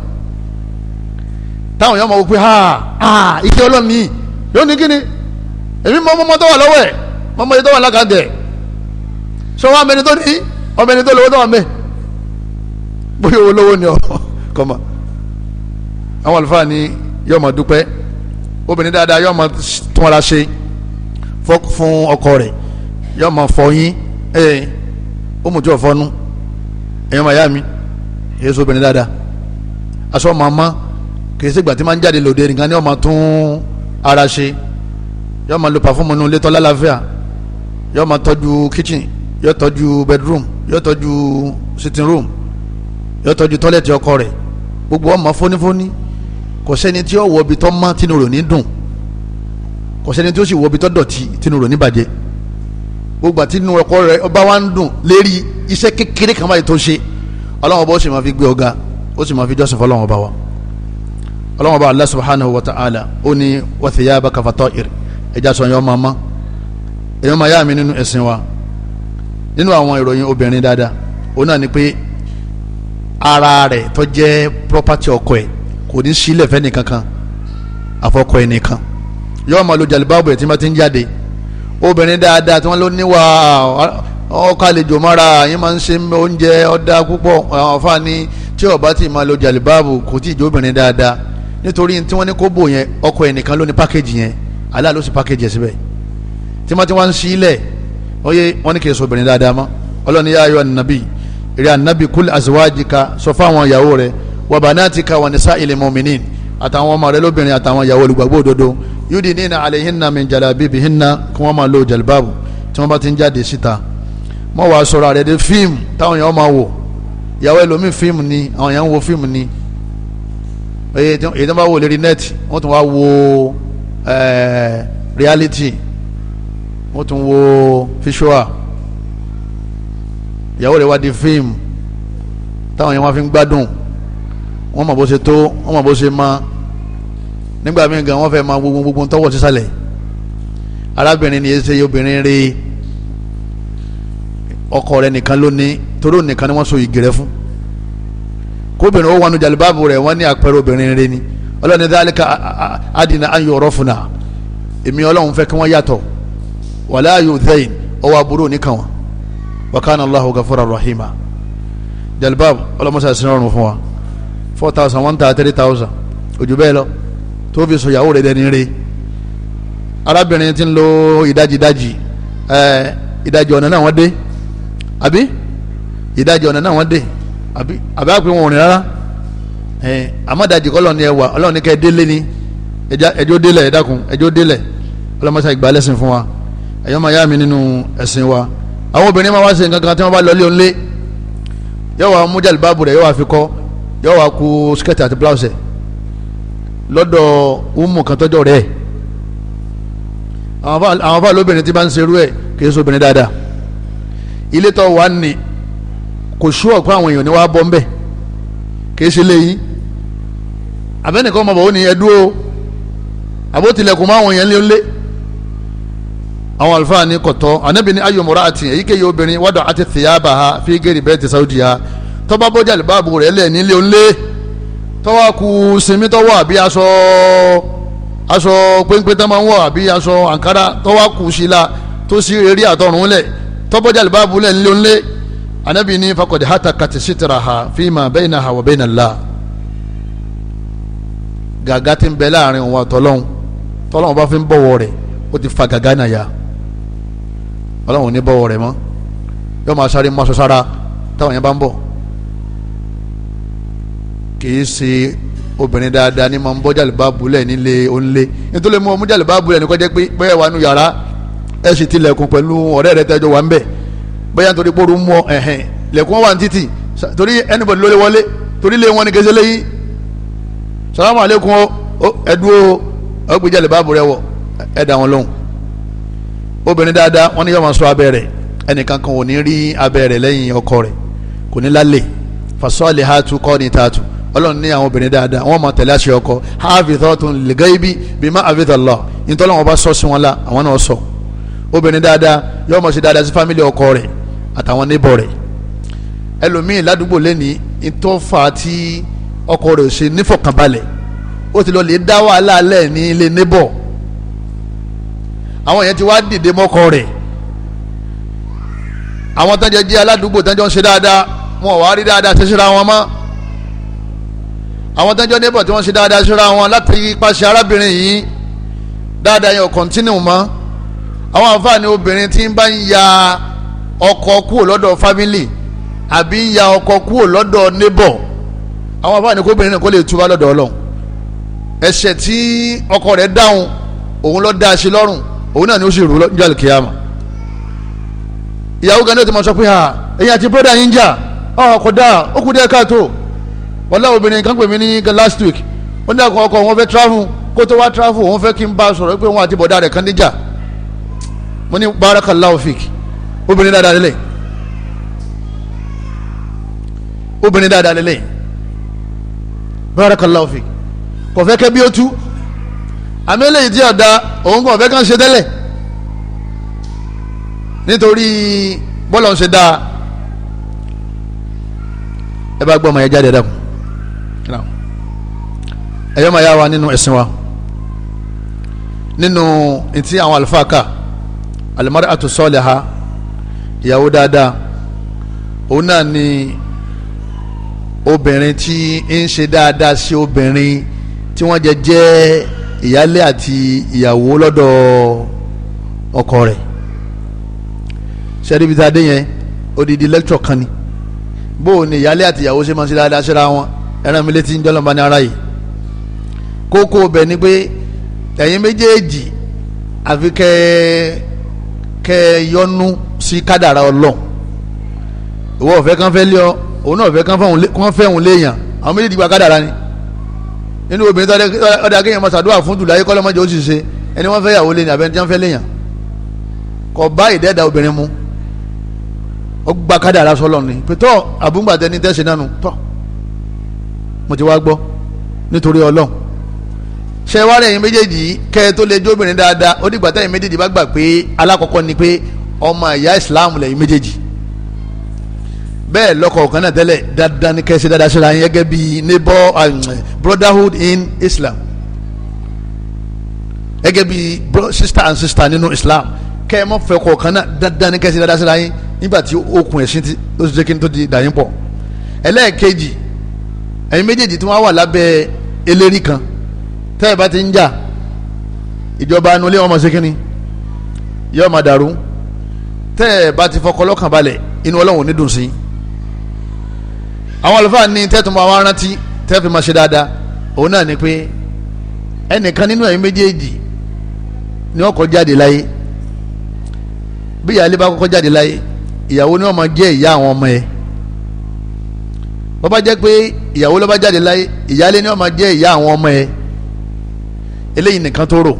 táwọn yẹn mọ̀ wò ha ha ike ọlọ́ọ̀ni yóò ní kíni èmi mọ mọ́mọ́ tó wà lọ́wọ́ ẹ̀ mọ́mọ́ yẹn tó wà lákàndẹ̀ sọ wọn abẹni tó ní ọbẹni tó lówó tó wà bóyá owó lówó ni ọ kọ́mọ àwọn àlùfáà ni yọ̀ọ́ mọ̀ dúpẹ́ obìnrin dáadáa yọ̀ọ́ mọ̀ tún ara ṣe fún ọkọ rẹ̀ yóò máa fọyín ẹ ó mú tí ò fọnú ẹ̀yọ́ màyá mi èyí sọ obìnrin dáadáa aṣọ màmá kìí ṣègbà tí máa ń jáde lòdì nìkan ni ó tún ara ṣe yóò máa lo pàfọ́ọ̀mù inú ilé tó lálàáfíà yóò máa tọ́jú kitchen yóò tọ́jú bedroom yóò tọ́jú sitting room yóò tọ́jú tọ́lẹ̀tì ọkọ rẹ̀ gbogbo ọmọ fónífóní kò sẹ́ni tí ó wọ ibi tó mọ́ tínú rò ní dùn kò sẹ́ni tí ó sì wọ ibi tó dọ̀tí tinú rò níbàjẹ́ gbogbo àti inú ọkọ rẹ ọba wa ń dùn lérí iṣẹ́ kékeré kan báyìí tó ṣe ọlọ́wọ́n ọba ó sì máa fi gbé ọ̀gá ó sì máa fi jọ́sìn fọlọ́wọ́n ọba wa ọlọ́wọ́n ọba Allah subhanahu wa ta'ala ó ní wa thiyabaka fatahhir ẹja sọ yọ mama èyí máa yá mi nínú ẹ̀sìn wa nínú àwọn ìròyìn obìnrin dáadáa òun náà ni pé ara rẹ̀ tó jẹ́ property ọkọ ẹ̀ kò ní sílẹ̀ fẹ́nìkankan àfọkọ ẹnìkan yóò máa lo jàlùbáàbù ẹ̀ tí wọ́n ti ń jáde obìnrin dáadáa tí wọ́n ló níwà ọ̀kàlejò mọ́ra yín máa ń ṣe oúnjẹ ọ̀dà púpọ̀ ọ̀fà ni tí ọba ti máa lo jàlùbáàbù kò tí ì jẹ́ obìnrin dáadáa nítorí tí wọ́n ní kó bò yẹn ọkọ ẹnìkan ló ní pákéjì yẹn aláà ló sì pákéjì ẹ̀ síbẹ̀ tí wọ́n ti wá ń sílẹ̀ oyè wọ́n ní kì í sọ obìnrin dáadáa mọ́ ọlọ́ni yá ayọ̀ ànábì ìrẹ́ ànábì kúlẹ̀ àzíwájìka sọ fáwọn ìyàwó rẹ̀ wàbánáàtìka wà ní sáà ilẹ̀ mọ́mìnín àtàwọn ọmọ rẹ̀ lóbìnrin àtàwọn ìyàwó olùgbàgbọ́ òdodo yudinina alayhinna min jalabibihinna kí wọ́n máa lo jalibabu tí wọ́n bá ti ń jáde síta mọ́ wàá sọ̀rọ̀ àrẹ̀ de fíìmù táwọn èèyàn máa wò ìyàwó ẹlòmíì fíìmù ni àwọn èèyàn ń wo fíìmù ni èyí tí wọ́n bá wò lérí nẹ́ẹ̀tì wọ́n tún wá wo reality wọ́n tún wo visual ìyàwó rẹ̀ wá di fíìmù táwọn èèyàn wá fi ń gbádùn wọ́n mọ̀ bó ṣe tó wọ́n mọ̀ bó ṣe máa nígbà míì gan wọ́n fẹ́ máa gbogbo gbogbo tọ́wọ́ sísàlẹ̀ arábìnrin ni ẹsẹ̀ obìnrin rí ọkọ rẹ̀ nìkan ló ní toró nìkan ni wọ́n so igi rẹ̀ fún kóbìnrin ó wọnú jàlúbáàbù rẹ̀ wọ́n ní àpẹẹrẹ obìnrin rí ni ọlọ́ni dálíkà àdínà ayò ọ̀rọ̀ fúnà èmi ọlọ́run fẹ́ kí wọ́n yàtọ̀ wàlẹ́ ayò zayn ọwọ́ aburú nìkan wọn wakana allahu gafura rahima jàlúbáàbù ọlọ́mọṣà sinọ́run fún wa four thousand one thousand three thousand ojú bẹ́ẹ̀ lọ tó fi sọ ìyàwó rẹ̀ dẹni re arábìnrin ti ń lo ìdajìdajì ẹ ìdajì ọ̀nà náà wọ́n dé àbí ìdajì ọ̀nà náà wọ́n dé àbí àbí àpè wọn ò rìn rárá ẹ àmọ́dajì kọ́ lọ́ọ̀ni ẹ wà ọlọ́run ní ká ẹ délé ni ẹjọ́ délẹ̀ ẹ dákun ẹjọ́ délẹ̀ ọlọ́mọṣẹ́ ìgbà lẹ́sìn fún wa ẹ̀yọ́ máa yá mi nínú ẹ̀sìn wa àwọn obìnrin máa wá ṣe nǹkan kan tí wọ́n bá lọ lé òun lé yóò wá mú jàlùbáàbù rẹ̀ yóò wá fi kọ́ yóò wá ku skirt àti blouse lọ́dọ̀ umu kan tọ́jọ́ rẹ̀ àwọn afá lóbìnrin tí bá ń serú ẹ̀ kìí so obìnrin dáadáa ilé tó wà ní kò sú ọ̀pọ̀ àwọn èèyàn ní wàá bọ́ ńbẹ̀ kìí ṣe léyìn abẹ́nìkan ọmọ bàbá ó ní ẹdú o àbótilẹ̀kùn mọ́ àwọn èèyàn lé àwọn àlùfáà ní kọ̀tọ́ ànábì ní ayò mọ́ra àti èyíkéyìí obìnrin wádọ̀ àti tìyàbà ha fi gèrè bẹ́ẹ̀ ti sáwùdì ha tọ́ba bọ́jà lè bá àbúrò rẹ̀ lẹ̀ nílé ó tọ́wọ́ ku sinmi tọ́wọ́ àbí aṣọ aṣọ péńpé tó máa ń wọ̀ àbí aṣọ àǹkárá tọ́wọ́ ku sí la tó sì eré àtọ̀run lẹ̀ tọ́bọ́jà lè bá bulẹ̀ ńlẹ̀ ńlẹ̀ anabi ní fakọ̀dé hata kàti sítira ha fíìmà bẹ́ẹ̀ na ha wà bẹ́ẹ̀ na la gàgá ti ń bẹ láàrin òun àtọ́lọ́hún tọ́lọ́hún bá fi ń bọ̀wọ̀ rẹ̀ ó ti fa gàgá náà ya ọlọ́hún ò ní bọ̀wọ̀ rẹ̀ mọ́ yọ máa sáré mọ́ aṣọ sára táwọn yẹn bá kìí ṣe obìnrin dáadáa ní ma ń bọ́ jàlùbáàbù lẹ̀ nílé onílé nítorí mo mú jàlùbáàbù lẹ̀ ní kọjá pé bẹ́ẹ̀ wà nù yàrá ẹ̀ sì ti lẹ̀kùn pẹ̀lú ọ̀rẹ́ rẹ tẹ́jọ wà ń bẹ̀ bẹ́ẹ̀ nítorí pé oru mú ọ ẹ̀hẹ̀n lẹ̀kùn wà ní títì torí anybody ló lè wọlé torí lé wọn ni kése léyìn salamu aleykum o ẹdú o ọgbẹ jàlùbáàbù rẹ wọ ẹ dà wọn lóhùn obìnrin dáadáa wọn ní rí ọlọ́run ní àwọn obìnrin dáadáa wọ́n máa tẹ̀lé àṣẹ ọkọ hafizatun lil ghaibi bima hafiza Allah nítorí wọn bá sọ sí wọn la àwọn náà sọ obìnrin dáadáa yóò máa ṣe dáadáa sí fámìlì ọkọ rẹ̀ àtàwọn níbọ̀ rẹ̀ ẹlòmíín ládùúgbò lẹ́ni ìtọ́fà tí ọkọ rẹ̀ ò ṣe nífọ̀kànbalẹ̀ ó ti lọ lè dá wàhálà alẹ́ ní ilé níbọ̀ àwọn yẹn ti wá dìde mọ́kọ rẹ̀ àwọn tán jẹ́ jẹ́ aládùúgbò tán jọ ń ṣe dáadáa wọn ò wá rí dáadáa ṣe ṣe ra wọn mọ́ àwọn tó ń jọ débọ̀ tí wọ́n ṣe dáadáa síra wọn láti pàṣẹ arábìnrin yìí dáadáa yẹn ò kọ́ntínú mọ́ àwọn àǹfààní obìnrin tí ń bá ń ya ọkọ kúrò lọ́dọ̀ fámìlì àbí ń ya ọkọ kúrò lọ́dọ̀ nébọ̀ àwọn àǹfààní kó obìnrin náà kó lè túbá lọ́dọ̀ ọlọ́run ẹ̀ṣẹ̀ tí ọkọ rẹ̀ dáhùn òun ló dá a ṣe lọ́rùn òun náà ni ó sì rú lọ́jọ́ àlùkìyàmà ìyàwó gan ni ó ti mọ sọ pé ha ẹ̀yin àti bọ́dà yín jà ọ̀ kódà ó kú dé káàtó wọ́n láwọn obìnrin kan pè mí ní last week ó ní àkọ́ ọkọ wọn fẹ́ travel kó tó wá travel wọn fẹ́ kí n bá a sọ̀rọ̀ pé wọn àti bọ̀dá rẹ̀ kan níjà mo ní Baraka fik obìnrin dáadáa lélẹ̀ obìnrin dáadáa lélẹ̀ barakallahu fik kò fẹ́ kẹ́ bí ó tú àmì eléyìí tí ọ̀dà òun kò fẹ́ kàn ṣe tẹ́lẹ̀ nítorí bọ́lọ̀ ń ṣe dáa ẹ bá gbọ́ ọmọ yẹn jáde dákun ẹ̀yọ́ ma yawa wa nínú ẹ̀sìn wa nínú etí àwọn àlùfáà kà alimari atusọ́ọ̀lì ha ìyàwó dáadáa òun náà ni obìnrin tí ń ṣe dáadáa sí obìnrin tí wọ́n jẹ jẹ́ ìyálé àti ìyàwó lọ́dọ̀ ọkọ rẹ̀ sẹ́ríbi tá a yẹn odidi lẹ́kítọ̀ kan ni bó o ní ìyálé àti ìyàwó ṣe máa ń ṣe dáadáa síra wọn ẹran mi létí ń jọ́lọ́ba ní ara yìí kókó ọbẹ̀ ni pé ẹ̀yin méjèèjì àfi kẹ́ kẹ́ yọnu sí kádàrá ọlọ́run ìwọ ọ̀fẹ́ kan fẹ́ lé ọ òun náà ọ̀fẹ́ kan fẹ́ òun léèyàn àwọn méjèèjì gba kádàrá ni nínú obìnrin tọ́dẹ akéèyàn máa ṣàdúrà fún jùlọ ayé kọ́ lọ́mọdé ó sì ṣe ẹni wọ́n fẹ́ yàwó lé ní tí wọ́n fẹ́ léèyàn kò bá ìdẹ́ẹ̀dá obìnrin mu ó gba kádàrá sọlọ ni pé tọ́ àbúgbàtẹ́ni tẹ́sí nánu tọ́ mo ti wá gbọ́ nítorí ọlọ́run ṣe wá lẹ́yìn méjèèjì kẹ́ ẹ tó lè jó obìnrin dáadáa ó dìgbà tẹ́yìn méjèèjì bá gbà pé alákọ̀ọ́kọ́ ni pé ọmọ ìyá Islam lẹ́yìn méjèèjì bẹ́ẹ̀ lọ́kọ̀ kan náà tẹ́lẹ̀ dandan ni kẹ́sì dáadáa ṣe ra yẹn gẹ́gẹ́ bí neighbor um, brotherhood in Islam gẹ́gẹ́ bí sister and sister nínú Islam kẹ́ ẹ mọ̀ fẹ́ kọ̀ kan náà dandan ni kẹ́sì dáadáa ṣe ra yẹn nígbà tí okùn ẹ̀sìn ti ó ti jẹ́ kí n tó di dàyín pọ̀ ẹlẹ́ẹ̀kejì ẹ̀yin méjèèjì tí wọ́n wà lábẹ́ eléri kan tẹ́ ẹ bá ti ń jà ìjọba anulẹ̀ wọn mọ̀ sí kínní yóò máa dàrú tẹ́ bá ti fọkọ lọ́kàn balẹ̀ inú ọlọ́run ò ní dùn sí i àwọn àlùfáà ní tẹ́tùmọ̀ àwọn arántí tẹ́fì máa ṣe dáadáa òun náà ni pé ẹnìkan nínú ẹ̀yin méjèèjì ni ọkọ jáde láyé bí ìyá ilé bá kọ́kọ́ jáde láyé ìyàwó ni wọ́n máa jẹ́ ìyá àwọn ọmọ ẹ̀ bọ́bá jẹ́ pé ìyàwó ló bá jáde láyé ìyáálé ni wọ́n máa jẹ́ ìyá àwọn ọmọ ẹ̀ eléyìí nìkan tó rò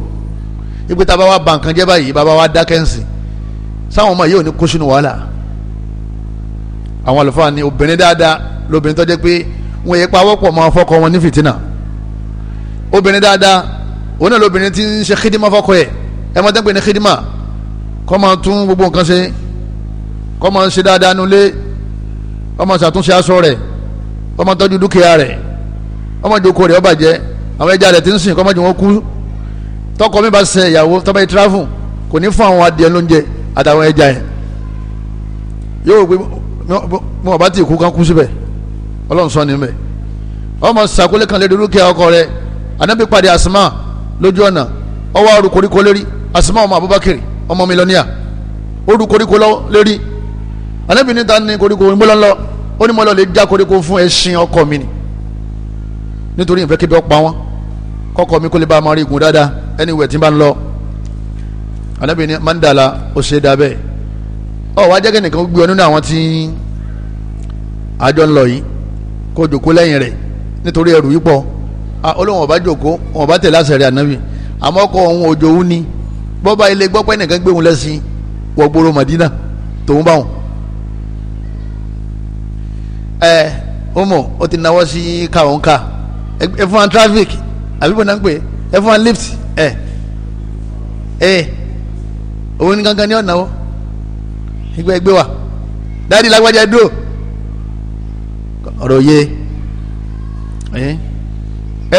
ipe tá a bá wá ba nǹkan jẹ́ báyìí bàbá wa dákẹ́ ń sìn sáwọn ọmọ yìí ò ní kó sínú wàhálà àwọn àlùfáà ni obìnrin dáadáa lóbìnrin tó jẹ́ pé wọn yẹ pa wọ́pọ̀ máa fọ́kọ wọn ní fìtínà obìnrin dáadáa òun náà lóbìnrin ti ń ṣe xidima fọ́kọ yẹ ẹ máa dẹ́gbẹ̀ẹ́ ní xidima kọ́ máa tún gbogbo nǹkan ṣe kọ́ máa ṣe dáadáa nulẹ̀ kọ́ ṣàtúnṣe aṣọ rẹ̀ kọ́ tọ́jú dúkìá rẹ̀ kọ́ máa rẹ̀ ó àwọn ẹja rẹ̀ ti ń sìn kọ́ mọ́jú wọn kú tọkọ mi bá sẹ ìyàwó tọ́ba ìtìráfù kò ní fún àwọn adìẹ lóúnjẹ àtàwọn ẹja yẹn yóò gbé mọ ọba tí ìkú kan kú síbẹ̀ ọlọ́run sọ níbẹ̀ ọmọ sàkólé kan lédè dúkìá ọkọ rẹ̀ anábì pàdé asma lójú ọ̀nà ọwọ́ arú koríko lérí asma ọmọ abubakar ọmọ mílíọ̀nìyà ó rú koríko lérí anábì níta ní koríko ńgbọ́lọ́lọ́ ó ní mọ́lọ́ lè já koríko fún ẹṣin ọkọ mi ni nítorí ìfẹ́ kébí ọ pa kọ́kọ́ mi kó lè bá a máa rí igun dáadáa ẹni wẹ̀ tí n bá ń lọ anabi ni mandala ó ṣe dábẹ́ ọ wá jẹ́ kí nìkan gbé ọ nínú àwọn tí àjọ ń lọ yìí kó jòkó lẹ́yìn rẹ̀ nítorí ẹrù yìí pọ̀ olóhùn ọba jòkó òun ọba tẹ̀lé àṣẹ rẹ̀ anabi àmọ́ kọ́ òun òjò òun ni bọ́ba ilé gbọ́pẹ́ nìkan gbé òun lẹ́sìn wọ gbòòrò Madina tòun bá wọn. ẹ ọmọ ó ti náwó sí káwọn ká ẹ fún wa traffic àbí bọ́dà ń pè ẹ fún wa lift ẹ ẹ owó ní gangan ní ọ̀nà wọ́ ẹgbẹ́ ẹgbẹ́ wa dáàdi lágbájá dúró ọ̀rọ̀ yé ẹ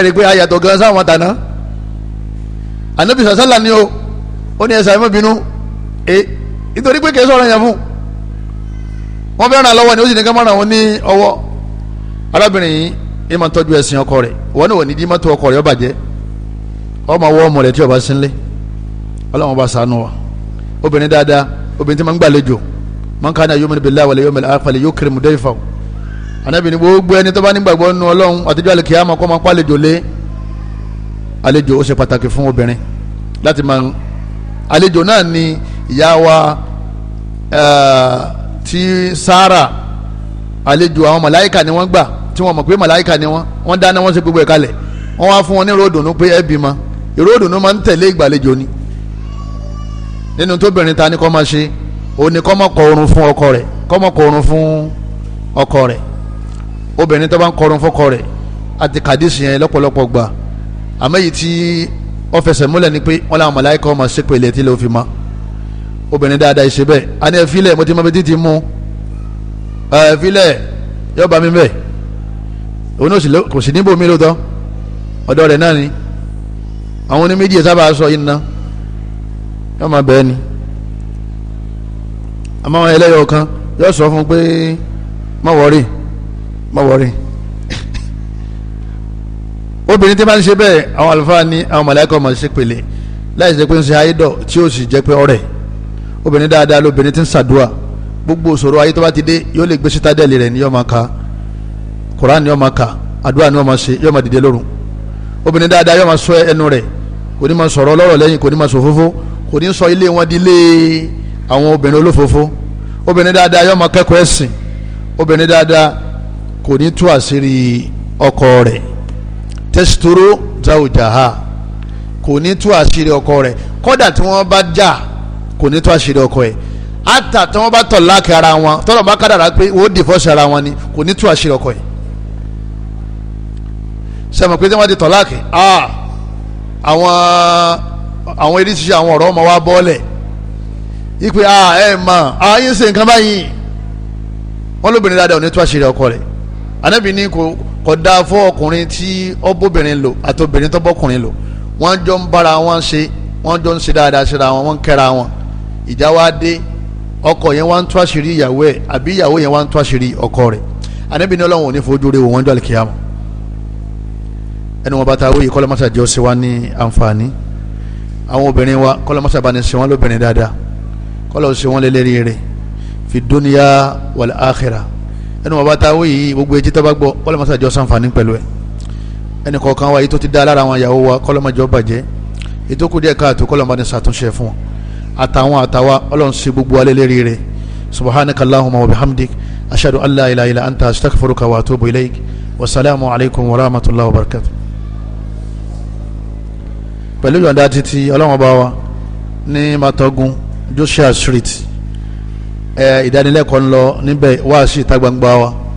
rí i pé ayàtọ̀ gan sáwọn tàná ànábì sàṣálà ni o ó ní ẹsẹ̀ àìmọ́bìnú ẹ nítorí pé kẹsàn-án yẹn fún wọn fẹ́ ràn lọ́wọ́ ni ó sì ní ká má ràn ní ọwọ́ arábìnrin yìí ẹ máa tọ́jú ẹ̀sìn ọkọ rẹ̀ wọn náà wọ̀ ní dímọ́tò ọkọ rẹ̀ ó bàjẹ́ ọmọ wọ ọmọ rẹ̀ tí ó bá sínlé ọlọ́wọ́n bá sànú wa obìnrin dáadáa obìnrin tí máa ń gbàlejò man kana yu'minu billahi wal yawmil akhir falyukrim dayfahu anábìrin gbogbo ẹni tó bá nígbàgbọ́ nínú ọlọ́run àtijọ́ àlùkìyàmọ̀ kọ́ máa kó àlejò lé àlejò ó ṣe pàtàkì fún obìnrin láti máa àlejò náà ni yawa. wa eh, ti Sárà àlejò àwọn màláìkà ni wọ́n gbà tí wọ́n mọ̀ pé màláìka ni wọ́n wọ́n dáná wọ́n ṣe gbogbo ẹ̀ kalẹ̀ wọ́n wá fún wọn ní ròdùnú pé ẹ bímọ ìròdùnú máa ń tẹ̀lé ìgbàlejò ni nínú tóbìnrin ta ni kọ́ máa ṣe òun ni kọ́ máa kọ orun fún ọkọ rẹ̀ kọ́ máa kọ orun fún ọkọ rẹ̀ obìnrin tó bá ń kọ orun fọkọ rẹ̀ àti kàdísì yẹn lọ́pọ̀lọpọ̀ gbà àmọ́ èyí tí ó fẹsẹ̀ múlẹ̀ ni pé wọ́n làwọn màláìka ọmọ ṣépè ilẹ̀ tí mi bẹ́ẹ̀ òun kò sì níbo mi ló tọ́ ọ̀dọ́ rẹ̀ náà ni àwọn oníméjì ẹ̀ sábà sọ iná yóò máa bẹ́ẹ̀ ni àmọ́ àwọn ẹlẹ́yọ̀ kan yóò sọ fún pé má wọrí má wọrí obìnrin tí bá ń ṣe bẹ́ẹ̀ àwọn àlùfáà ní àwọn màláíkà máa ṣe pèlè láì ṣe pé ń ṣe ayédọ̀ tí ó sì jẹ́ pé ọ̀rẹ́ obìnrin dáadáa lóbìnrin tí ń ṣàdúrà gbogbo òṣòro ayé tó bá ti dé yóò lè gbé sítádẹ́ẹ̀lì rẹ̀ ní yóò máa koran ni ó máa kà àdúrà ni ó máa ṣe yó máa dìde lóru obìnrin dáadáa yó máa sọ ẹnu rẹ̀ kò ní máa sọ̀rọ̀ ọlọ́rọ̀ lẹ́yìn kò ní máa sòfófó kò ní sọ ilé wọn di ilé àwọn obìnrin olófófó obìnrin dáadáa yó máa kẹ́kọ̀ọ́ ẹ̀sìn obìnrin dáadáa kò ní tú àṣírí ọkọ rẹ̀ tẹ́sítóró záwùjáhà kò ní tú àṣírí ọkọ rẹ̀ kódà tí wọ́n bá jà kò ní tú àṣírí ọkọ rẹ̀ àtà tí wọ́n bá tọ̀ láàkì ara wọn tọ́lọ̀ bá kádàrá pé wọ́n dìfọ́sì ara wọn ni kò ní tú àṣírí ọkọ rẹ̀ sẹ́mi pé tí wọ́n ti tọ̀ láàkì àwọn àwọn eréṣiṣẹ́ àwọn ọ̀rọ̀ ọmọ wa bọ́ọ̀lẹ̀ ipe ẹ mọ ayé ń ṣe nǹkan báyìí wọ́n lóbìnrin dáadáa ò ní tó àṣírí ọkọ rẹ̀ anábì ní kò kò dáa fún ọkùnrin tí ọbọbìnrin lò àti obìnrin tọbọkùnrin lò wọ́n jọ ń bára wọn ṣe wọ́n jọ ń ṣe dáadáa ṣe ra wọn wọ́n ń wọn ìjà wa dé ọkọ yẹn wá ń tó àṣírí ìyàwó ẹ̀ àbí ìyàwó yẹn wá ń tó àṣírí ọkọ rẹ̀ anábì ní ọlọ́run ò ní fojú rẹ̀ wò jọ àlìkìyàmọ́ ẹni wọn bá ta awé yìí kọ́lọ́mọ́sá jọ sí wa ní àǹfààní àwọn obìnrin wa kọ́lọ́mọ́sá bá ní sí wọn lóbìnrin dáadáa kọ́lọ́ sí wọn lélẹ́rìí rẹ̀ fi dúnìyà wal akhirah ẹni wọn bá ta awé yìí gbogbo etí tó bá gbọ́ kọ́lọ́mọ́sá jọ sàǹfààní pẹ̀lú ẹ̀ ẹni kọ̀ọ̀kan wa yìí tó ti dá lára àwọn ìyàwó wa kọ́lọ́mọ́jọ bàjẹ́ ètò kù díẹ̀ káàtó kọ́lọ́mọ́ ní sàtúnṣe fún wọn àtàwọn àtàwa ọlọ́run sí gbogbo alẹ́ lérí rẹ̀ wa bihamdik wa barakatuh pẹ̀lú yọ̀ǹda títí ọlọ́run ọba wa ní matogun Joshua Street ẹ̀ ìdánilẹ́kọ̀ọ́ ń lọ níbẹ̀ wáàsí ìta gbangba wa.